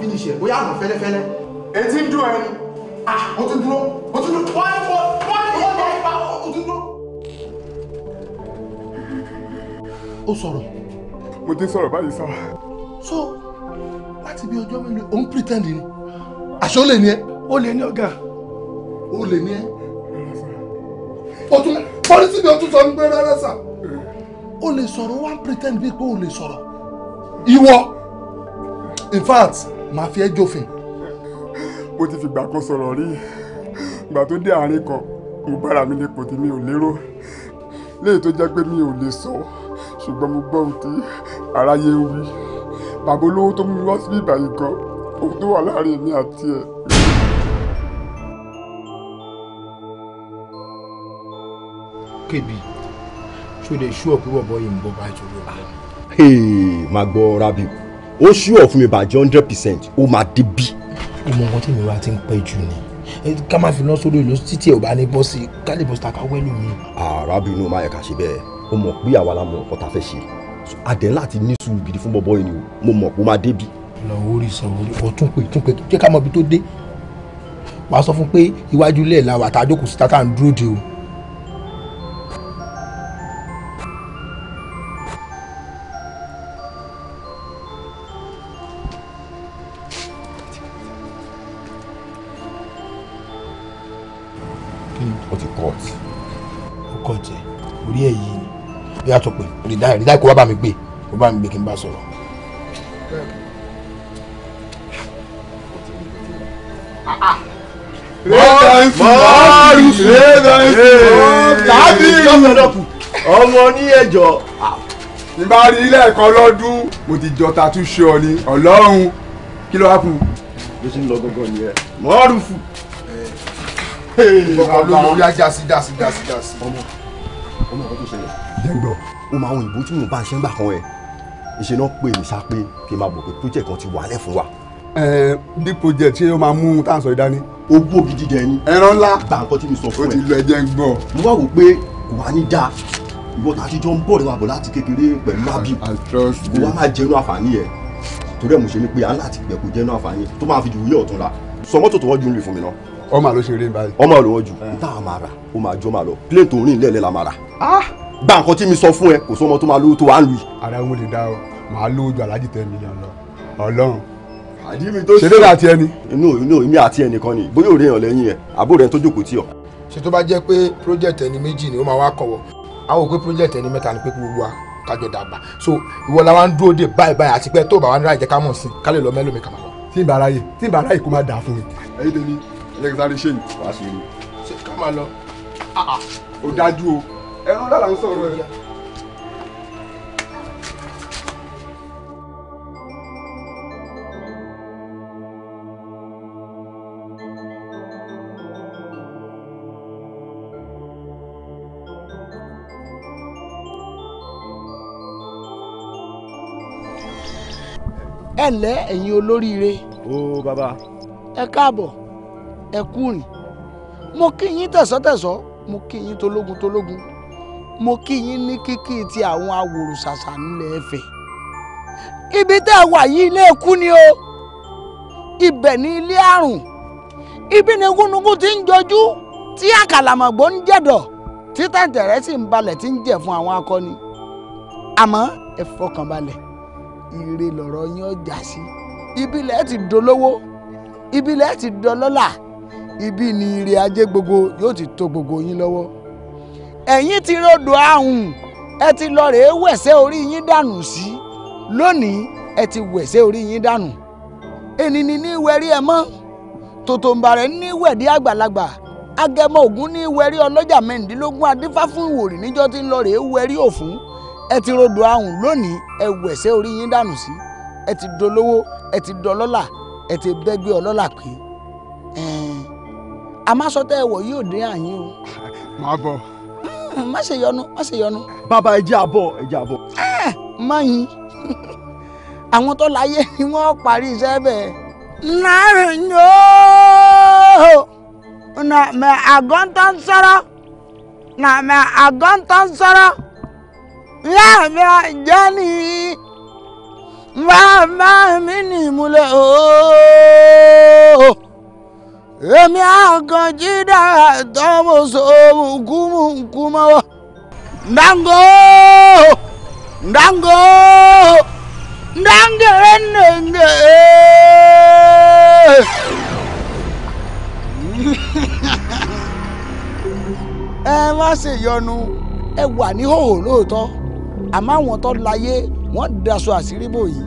finish ẹ̀ bóyá àmọ̀ fẹ́lẹ́fẹ́lẹ́. etí ń dùn ẹ ah o tún dúró o tún dúró wọ́n fọ wọ́n ní ọ̀dọ̀ ìpa o tún dúró. ó sọ̀rọ̀. mo ti sọ̀rọ̀ báyìí sọ. so láti bí ọjọ́ mélòó ò ń pretend ni àṣọ lè ní ẹ. ó lè ní ọ̀gá. ó lè ní ẹ. o tún pọ́lísì mi ò tún sọ ń gbé rárá sà. o lè sọ̀rọ̀ wá ń pretend bí pé o lè sọ̀rọ̀. ìwọ in fact màá fi ẹ́ jófin. mo ti fìgbà kan sọ̀rọ̀ rí ìgbà tó dé àárín kan mo bára mi nípò tí mi ò lérò léyìí tó jẹ́ pé mi ò lè sọ ṣùgbọ́n mo gbọ́ ohun tí aráyé ń wí bàbá olówó tó mú mi wá sí ìbàyìí kan ohun tó wà láàrin èmi àti ẹ̀. kébì ṣó lè ṣú ọ̀pẹ́ bọ̀bọ̀ yìí ń bọ́ bá jòló. máa gbọ́ rábìkù ó ṣúọ̀ fún mi bàjẹ́ hundred percent ó máa dé bí. ìmọ̀ nǹkan tí mi wá ti ń pẹ́ jù ni ká má fi náà sórí ìlú títí ò bá ní bọ́ sí ká lè bọ́ sí taka wẹ́lú mi. arábìnrin ó máa yẹ ká ṣe bẹ́ẹ̀ ó mọ̀ pé àwa la mọ ọ̀tá fẹ́ ṣe adẹ̀ láti ní sùúrù gidi fún bọ́bọ́ yìí ni o mo mọ̀ pé ó máa dé bí. lọ́wọ́ orí sọ orí ọ̀ tún pé tún pé jẹ́ ká mọ ibi tó dé wàá sọ fún pé iwájú ilé ẹ̀ wà tá a jókòó sí tá a dúró de o. bí a tún pè rìdáì rìdáì kó wá bá mi gbé kó bá mi gbé kí n bá sọ̀rọ̀. ọmọ ní ẹjọ́ ní bá rí ilé lọ́dún mo ti jọ tatu ṣe ọ ni ọlọ́run kí ló wá kù. ló ṣe ń lọ gángan nìyẹn mọ́ọ̀rùfù. ọkọ̀ ló lórí ajá sí dá sí dá sí dá sí ọmọ O tó ṣẹlẹ̀ dẹ́gbọ́n mo máa ń òyìnbó tí mo bá ń ṣe ń gbà kan ẹ̀ ìṣe náà pè mí sá pé kí n máa bọ̀ pé project kan ti wàálẹ̀ fún wa. ẹ bí project ṣé ó máa mú un táǹsọ̀ ìdání. owó gidi dẹ ni. ẹran ńlá gbàǹkan tí mi sọ fún ẹ. o ti lọ ẹjẹ ń gbọ́. mo wá wò pé kò wá ní dáa ìwọ tàbí jọ ń bọ̀ rẹwà bọ̀ láti kékeré pẹ̀lú àbí kò wá máa jẹnu àǹfààní ẹ̀ torí ẹ̀ mo ṣe ni pé aláàtìgbẹ́ kò jẹnu àǹfààní tó máa fi jù wíyọ̀ ọ̀tún la sọmọ́tò tó wọ́n ju ń lè fún mi náà ọmọ àlọ́ ṣe eré báyìí. ọmọ àlọ́ wọn jù eh. tá a máa rà ó máa jọ máa lọ plane tó ń rìn lẹ́ẹ̀lẹ́ la máa rà. Ah! gba nǹkan tí mi sọ fún ẹ kò sọ́mọ tó máa lówó tó wà ń lu. ara wọn lè dá ọ màá lówó ju aláàjì tẹ mílíọ̀n lọ ọlọ́run. àdí mi tó ṣe ṣeré àti ẹni. inú inú mi àti ẹnìkan ni bóyá òde èèyàn lẹ́yìn ẹ àbúrò rẹ tó jókòó tì ọ. ṣe tó bá jẹ́ pé project ẹni méjì ni ó máa wá kọ̀wọ̀ àwọn òpin project ẹni mẹ́ta ni pé gbogbo wa kájọ dàgbà so ìwọ la wá ń dúró de báyìí báyìí àti pé tó bá wà ní ráàyè jẹ́ ká mọ̀ sí i ká lọ mẹ́lòmí kàmá lọ. tí ì bá ráyè tí ì bá ráyè kó má dà fún mi. ẹyin tèmi yẹ kí sáré ṣe yìí wàá ṣe eré. ṣé ká máa lọ. ó ah, ah, dájú o ẹ̀rọ dára ń sọ̀rọ̀ ẹ̀. ẹ ǹlẹ́ ẹ̀yin olóríire. o bàbá. ẹ káàbọ̀ ẹ kú rìn mo kí yín tẹ̀sọ́tẹ̀sọ́ mo kí yín tológun tológun mo kí yín ní kíkí ti àwọn awòrùsàsà nílẹ̀ ẹ̀fẹ̀ ibi tẹ́ ẹ wà yìí ilé ẹ̀kú ni o ibẹ̀ ni ilé àrùn ibi ni gúnugún ti ń jọjú tí àkàlàmọ̀gbò ń jẹ̀dọ̀ tí tẹ̀tẹ̀rẹ́ sì ń balẹ̀ tí ń jẹ̀ fún àwọn akọni àmọ́ ẹ fọkàn balẹ̀ ire lọ̀rọ̀ yín ọjà sí ibi lẹ́ẹ̀ ti dolówó ibi lẹ́ẹ̀ ti dọlọ́là. Ibi ni ire ajé gbogbo yóò ti tó gbogbo yín lọ́wọ́ ẹ̀yin ti rodò ahùn ẹ ti lọ rèé wẹ̀sẹ̀ orí yín dànù sí lónìí ẹ ti wẹ̀sẹ̀ orí yín dànù ẹni ni ní ìwẹ̀rí ẹ mọ́ tòtòǹbàrẹ̀ ní ìwẹ̀dí àgbàlagbà agẹmọ ògún ní ìwẹ̀rí ọlọ́jà mẹ́rìndínlógún adífá fún ìwòrì níjọ́ tí ń lọ rèé wẹ̀rí òfún ẹ ti rodò ahùn lónìí ẹ wẹ̀sẹ̀ orí yín dànù sí ẹ ti dolówó ẹ ti dọlọ́là ẹ ti bẹ́gbẹ́ ọlọ́là pé ẹ̀ẹ́n àmásọtẹ ẹwọ yóò dé àyín o. màá bọ. Hmm, má ṣe yọnu má ṣe yọnu. bàbá ẹ jẹ́ àbọ̀ ẹ jẹ́ àbọ̀. ẹ eh, má yin àwọn tó láyé ni wọ́n parí iṣẹ́ bẹ́ẹ̀. láàrin yóò na mẹ àgọ́ntàn sọ̀rọ̀ na mẹ àgọ́ntàn sọ̀rọ̀ láàmì ọ̀jẹ́ nìyí màmá mi nìmúlẹ̀ ooo èmi àgàn jídà tọ́mọ sọ̀rọ̀ nkúmù nkúmọ́ ndango ndango ndangere nenge. ẹ má ṣe yọnu ẹ wà níhòòhò lóòótọ́ àmọ́ àwọn tó láyé wọ́n daṣọ àṣírí bòyí.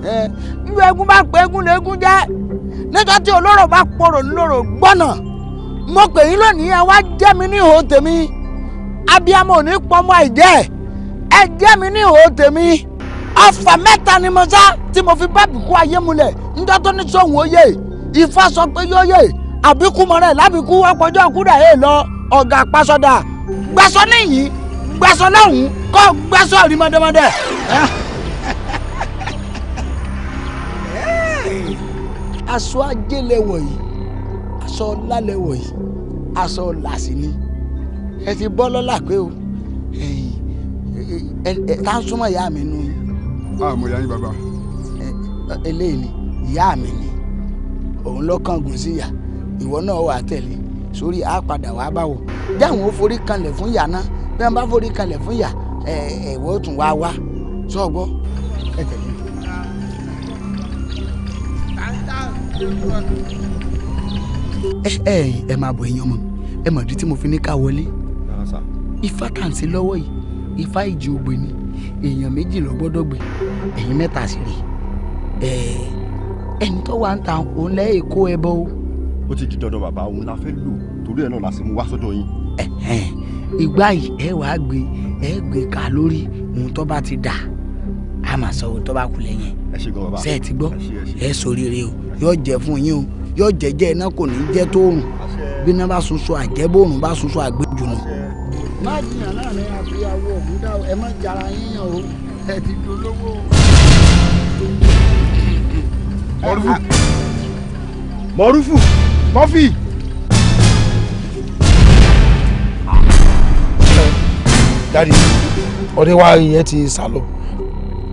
níbi egun bá pé egun lè egun jẹ́ nígbà tí olóró bá porò lóró gbọ́nà mo pè yín lónìí ẹ wá jẹ́ mi ní ìhò tèmi abiyamọ ò ní pọmọ àìjẹ́ ẹ jẹ́ mi ní ìhò tèmi ọfà mẹ́ta ni mo sá tí mo fi bá bìkú ayé mulẹ̀ níjọ́ tó ní sóhun oyè Ifá sọ pé yóò yè àbíkú mọ́rẹ́ lábìkú ọpọjọ́ kúdà yé lọ ọ̀gá pasọ̀dà gbàsọ níyì gbàsọ lọ́hùn kọ́ gbàsọ rí aṣọ ajé lẹwọ yìí aṣọ ọlá lẹwọ yìí aṣọ ọlá sì ni ẹ ti bọ́ lọ́lá pé o ẹ ká súnmọ́ ìyá mi nù yín. a mọ ìyá yín bàbá. eléyìí ni ìyá mi ni òun ló kángun síyà ìwọ náà wà tẹ̀lé sórí a padà wàá bá wò jáwọn ó forí kanlẹ̀ fún ìyá náà bí wọ́n bá forí kanlẹ̀ fún ìyá ẹ̀wọ́ tún wá wá sọ́gbọ́ ẹ tẹ̀lé ẹ ẹ máa bọ̀ ẹ̀yin ọmọ ẹ mọ̀ ìdí tí mo fi ní ká wọlé ifá tá à ń ṣe lọ́wọ́ yìí ifá ìjì ògbè ni èèyàn méjì ló gbọ́dọ̀ gbé ẹ̀yin mẹ́ta sì rè ẹ ẹni tó wà ń ta òun lẹ́ èkó ẹ o. ó ti di dandan bàbá òun la fẹ́ lò torí ẹ̀ náà la sì mú wá sọ́dọ̀ yín. ìgbà yìí ẹ wàá gbé ẹ gbé ká lórí ohun tó bá ti dà á máa sọ ohun tó bá kú lẹ́yìn ẹ ṣe é ti gbọ́ ẹ sọ rírẹ o yóò jẹ fún yín o yóò jẹjẹ iná kò ní jẹ tóorùn bí iná bá sunsun àjẹbóorùn bá sunsun àgbéjù nù. má jìyàn láàrin àfihàn òògùn dá ẹ má jara yíyan o ẹ ti dolówó. mọ̀rúfù mọ̀rúfù kọ́fì. dáàdi ọdẹ wa yẹn ti sálọ.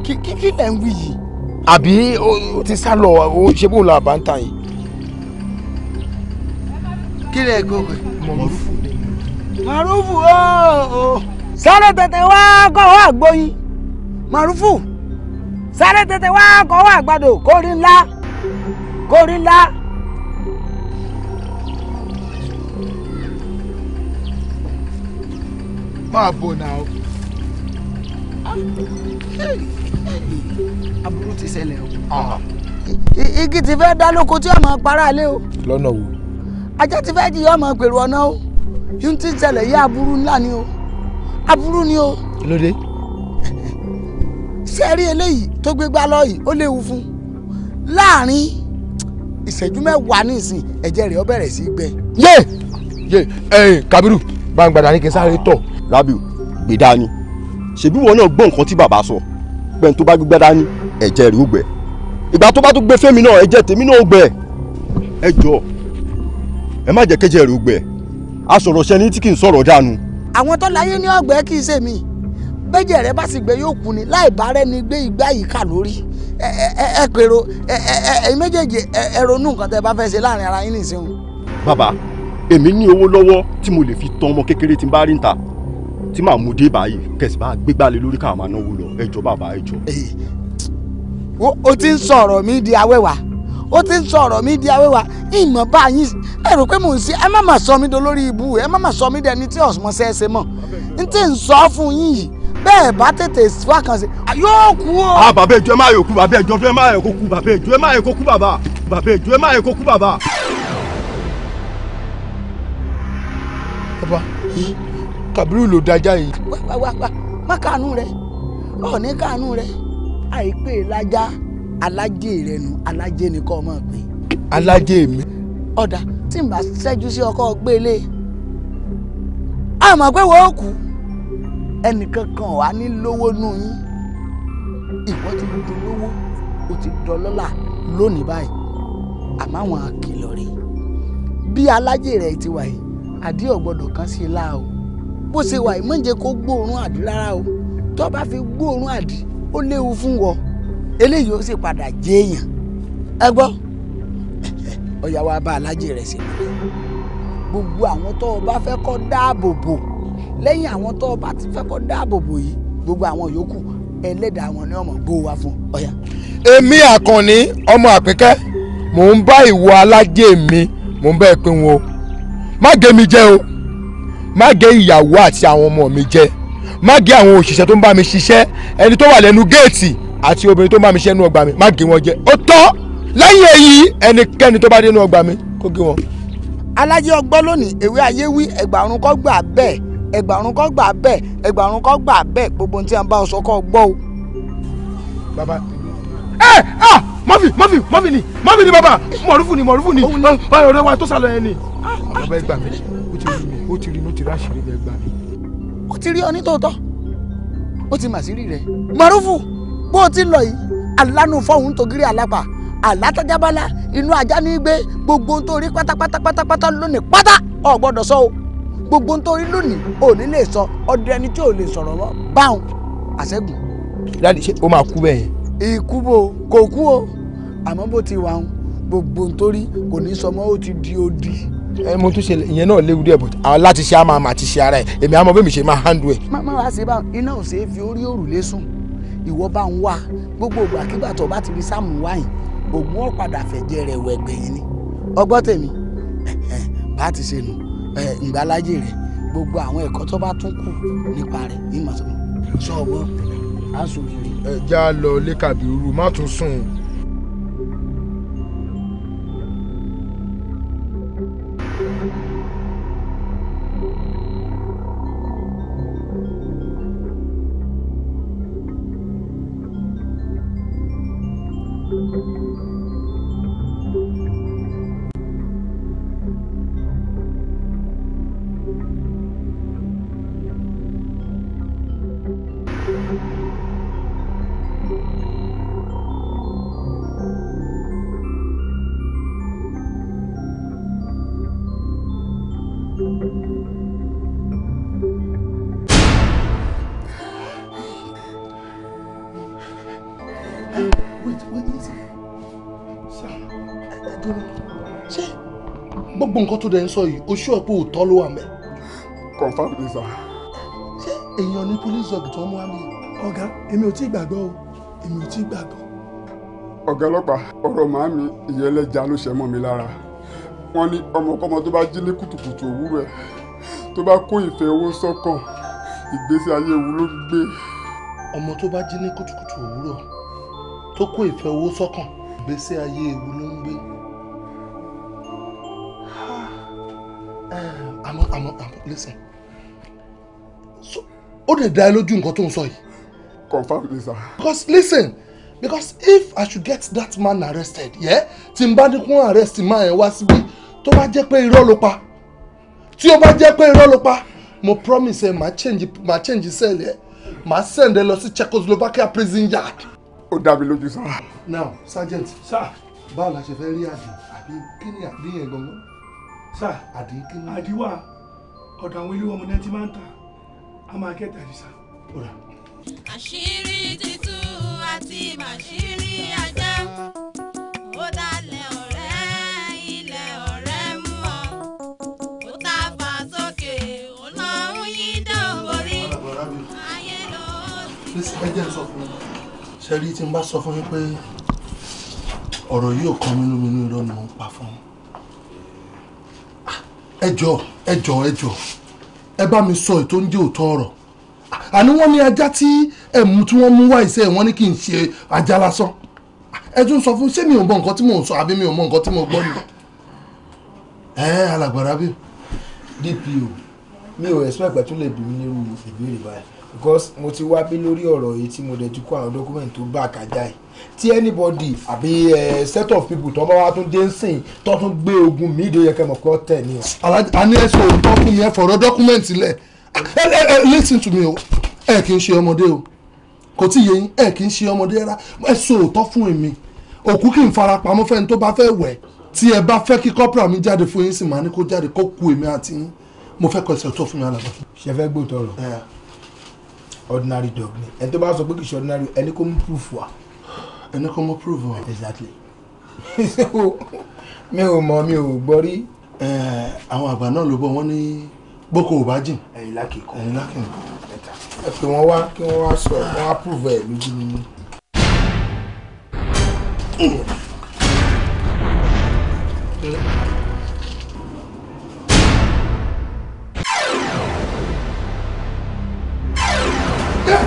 kí kí lẹ́ ń wí yìí àbí o ti sá lọ o ṣe bó la bá ń ta yìí. kí lè kó pé. mọ̀rúfù. mọ̀rúfù ooo. sáré tètè wá kọ́wọ́ àgbóyin mọ̀rúfù sáré tètè wá kọ́wọ́ àgbàdo kórí ńlá kórí ńlá. máa bọ̀ náà aburú ti ṣẹlẹ̀ o. igi ti fẹ́ dá lóko tí ọmọ para lé o. lọ́nà wo. ajá ti fẹ́ di ọmọ pèrò ọ̀nà o yín ti ṣẹlẹ̀ yí aburú ńlá ni o aburú ni o. lóde. ṣé ẹ rí eléyìí tó gbé gbá lọ yìí ó léwu fún láàrin ìṣẹ́jú mẹ́wàá nísìn ẹ̀jẹ̀ rẹ̀ ó bẹ̀rẹ̀ sí í gbẹ. yé yé ẹyìn Kabiru gbangbada ní kí n sáré tọ̀. Rabiu gbèdá ni ṣebí wọn náà gbọ́ nǹkan tí bàbá sọ pẹ̀ntó bá gbégbá dání ẹ̀jẹ̀ rí ó gbẹ ìgbà tó bá tún gbé fẹ́mi náà ẹ̀jẹ̀ tèmi náà ó gbẹ ẹ jọ ẹ má jẹ́ kẹ́jẹ̀ rí ó gbẹ asọ̀rọ̀ ṣẹni tí kì í sọ̀rọ̀ dànù. àwọn tó láyé ní ọgbẹ́ kì í ṣe mi bẹ́jẹ̀ rẹ bá sì gbẹ yóò kú ni láì bá rẹ ni gbé ìgbà yìí kà lórí ẹ ẹ ẹ pèrò ẹ ẹ ẹ méjèèjì ẹ ronú nǹkan tẹ bá fẹ́ ṣe láàrin ara yín nìsín. bàbá èmi ní owó lọ́wọ́ tí mo lè fi tán ọmọ kékeré tí n bá rí ń ta tí màá mú dé báyìí kẹsì bá gbégbá lé lórí káwọn máa náwó lọ ẹjọ bàbá ẹjọ o ti ń sọ̀rọ̀ mi di awẹ́wà ó ti ń sọ̀rọ̀ mi di awẹ́wà ìmọ̀ bá yín ẹ rò pé mò ń sí ẹ má mà sọ mí dolórí ibu ẹ má mà sọ mí dẹni tí ọ̀sùnmọ́ sẹ́ẹ̀sẹ̀ mọ̀ n tí ń sọ fún yín yìí bẹ́ẹ̀ bá tètè wá kan sí yóò kú o. a ah, bàbá ìjọ ẹ má yòókù bàbá ìjọ ẹ má yòókù kú bàbá ìjọ ẹ má yòókù kú bàbá bàbá ìjọ ẹ má yòókù kú bàbá. bàbá Kàbírù ló dájá yìí. wá wá wá má kàánú rẹ ọ̀ ní kàánú rẹ àìpé lájá alájẹ ìrẹnu alájẹ ni kọ́ ọmọ pé. alájẹ mi. ọ̀dà tí n bá ṣẹ́jú sí ọkọ gbélé àmọ́ pé wọ́n kú ẹnìkan kan wà ní lówó nù yín ìwọ ti dolówó o ti dọlọ́lá lónìí báyìí àmọ́ àwọn àkìlọ̀ rẹ̀ bí alájẹ rẹ̀ ti wà yìí àdí ọ̀gbọ́dọ̀ kan sí i láà o bó ṣe wà yìí mọ̀jẹ̀ kó gbóòórùn àdí rárá o tó bá fi gbóòórùn àdí ó léwu fún wọ eléyìí ó sì padà jẹ́ èèyàn ẹ gbọ́ ọ̀yà wa bá alájì rẹ̀ sí i gbogbo àwọn tó o bá fẹ́ kọ́ dáàbò bò lẹ́yìn àwọn tó o bá ti fẹ́ kọ́ dáàbò bò yìí gbogbo àwọn yòókù ẹlẹ́dàá wọn ni ọmọ gbó wa fún ọ̀yà. èmi àkànní ọmọ àpẹkẹ mò ń bá ìwọ alájẹ mi mò ń bẹ́ẹ̀ pín wọn o má gé mi jẹ o má gé ìyàwó àti àwọn ọmọ mi jẹ má gé àwọn òṣìṣẹ́ tó ń bá mi ṣiṣẹ́ ẹni tó wà lẹ́nu géètì àti obìnrin tó ń bá mi ṣiṣẹ́ nínú ọgbà mi má gé wọn jẹ ó tọ́ lẹ́yìn èyí ẹnikẹ́ni tó bá dé nínú ọgbà mi kó gé wọn. alájẹ ọgbọ́n lónìí ewé ayé wí ẹgbàrún kọ́ gbà bẹ́ẹ̀ ẹgbàrún kọ́ gbà bẹ́ẹ̀ ẹgbàrún kọ́ gbà bẹ́ẹ̀ gbogbo tí a ń bá ọsọ kọ́ gbọ́ o. bàbá ẹ ẹ mọ́fì mọ́fì mọ́fì ni mọ́fì ni bàbá mọ̀rúfù ni mọ̀rúfù ni ọ̀rẹ́ wa tó sálọ yẹn ni. Ah, bàbá ẹ gbà mí ah. ó ti rí mi ó ti rí mi ó ti rí àṣírí mi ẹ gbà mí ó ti rí ọ ní tòótọ́ ó ti mà sí rí rẹ mọ̀rúfù bó o ti lọ yìí alánú fọ́hún tògírí alápà àlátájábálá inú ajá ní gbé gbogbo ohun tó rí pátápátá pátápátá lónìí pátá ò gbọ́dọ̀ sọ o gbogbo ohun tó rí lónìí ò ní lè sọ ọdẹ ẹni tí ò lè sọ̀rọ̀ mọ́ báwọn àṣẹ́gun. dáàdi ṣé o máa kú bẹ́ẹ̀ yẹn. bo kò kú o àmọ́ bó ti wà ń gbogbo ohun tó kò ní sọmọ́ ó ti di odi ẹ mo tún ṣe ìyẹn náà léwu díẹ̀ but àwọn láti ṣe àmà àmà àti ṣe ara ẹ̀ èmi àmọ́ bẹ́ẹ̀ mi ṣe máa handle ẹ̀. má má wá sí báwọn iná ò ṣeé fi orí òrùlé sùn ìwọ bá ń wá gbogbo ògbà kígbà tó bá ti fi sáàmù wáyìn ògùn ọ̀padà fẹ̀jẹ̀ rẹ̀ wọ ẹgbẹ́ yìí ni ọgbọ́n tèmi bá ti ṣe nù ìgbàlájì rẹ̀ gbogbo àwọn ẹ̀kọ́ tó bá tún kù nípa rẹ̀ ní màsán ṣọ́ọ̀bọ aṣòwò rẹ̀. ẹ já lọ lẹ́kàbí rú má tún sùn. gbogbo nǹkan tó dẹ̀ ń sọ yìí oṣù ọ̀pọ̀ òótọ́ ló wà mẹ́. confam mi sá. ṣé èèyàn ní police dog tó ń mú àmì. ọ̀gá èmi ò tí ì gbàgbọ́ o èmi ò tí ì gbàgbọ́. ọ̀gá ọlọ́pàá ọ̀rọ̀ màámi ìyẹlẹ́ja ló ṣe mọ́ mi lára wọ́n ní ọmọkọ́mọ tó bá jí ní kùtùkùtù òwúrọ̀ ẹ̀ tó bá kó ìfẹ́ owó sọ́kàn ìgbésí ayé ewu ló gbé. ọmọ tó bá jí ní kùtùkùtù òwúrọ̀ tó kó ìfẹ́ owó sọ́kàn ìgbésí ayé ewu ló ń gbé. àmọ́ àmọ́ àmọ́ listen so ó lè dá ẹ lójú nǹkan tó ń sọ yìí. confam me sir. because listen because if i should get that man arrested yeah? tí n bá ní kún arrest máa yẹn wá síbi tó bá jẹ́ pé irọ́ ló pa tí ó bá jẹ́ pé irọ́ ló pa mo promise ẹ change máa change cell ẹ máa send ẹ lọ sí Czechoslovakia prison yard. ó dá mi lójú sir. now sergeant báwo la ṣe fẹ́ rí àjò àbí kí ni àbí yẹn gangan sà àdínkì náà àdíwà ọ̀dọ̀ àwọn ilé ọmọ náà ti máa ń ta a máa kẹta yìí sà ọ̀rà. àṣírí títú àti màṣírí ajá ó dalẹ̀ ọ̀rẹ́ ilẹ̀ ọ̀rẹ́ mú ọ ó ta fà sókè ó lọ ń yí dán ayé ló ń sọ. ẹ jẹ́ sọ fún mi ṣe rí tí n bá sọ fún yín pé ọ̀rọ̀ yìí ò kan mí lóminú irọ́ ni mo ń pa fún yín ẹ jọ ẹ jọ ẹ jọ ẹ bá mi sọ ètò ń jẹ́ òótọ́ ọ̀rọ̀ àní wọ́n ní ajá tí ẹ̀mú tí wọ́n mú wá iṣẹ́ wọn ní kí n ṣe ajá lásán ẹ tún sọ fún ṣé mi ò mọ nǹkan tí mò ń sọ àbí mi ò mọ nǹkan tí mo gbọ́ nìyẹn ẹ alàgbàrá bí. dpo mi ò expect pé tún lè bí mi nírú ìbéèrè báyìí because mo ti wá bí lórí ọ̀rọ̀ yìí tí mo dẹ̀ ti kó àwọn document tó bá àkàjá yìí tí anybody àbí set of people tó bá wá tún dé sìn tó tún gbé ogun mi ìdóye kẹmọ kọ tẹ ni o. a ní ẹsẹ̀ òótọ́ fún mi ẹ fọ̀rọ̀ document lẹ̀ listen to me o ẹ kì í ṣe ọmọdé o kò tí ì yé yín ẹ kì í ṣe ọmọdé rárá ẹsẹ̀ òótọ́ fún mi òkú kì í fara pamọ́ fẹ́ni tó bá fẹ́ wẹ̀ tí ẹ bá fẹ́ kí corporal mi jáde fún yín sì máa ní kó jáde kó ku èmi àti yín mo fẹ́ kọ́ ẹsẹ̀ òótọ́ fún mi alàgbà. ṣe fẹ́ gbóòótọ́ rọ̀ ordinary dog ni ẹni tó bá sọ pé kì í ṣe ordinary ẹni kò mú proof wa. ẹni kò mú proof wa. exactly mi ò mọ mi ò gbọ́ rí. àwọn àgbà náà ló bọ̀ wọ́n ní gboko ò bá jìn. ẹyin lákì kan ẹyin lákì kan ẹ pè wọ́n wá kí wọ́n wá sọ wọ́n á proof ẹ̀ lójú nínú. Mm.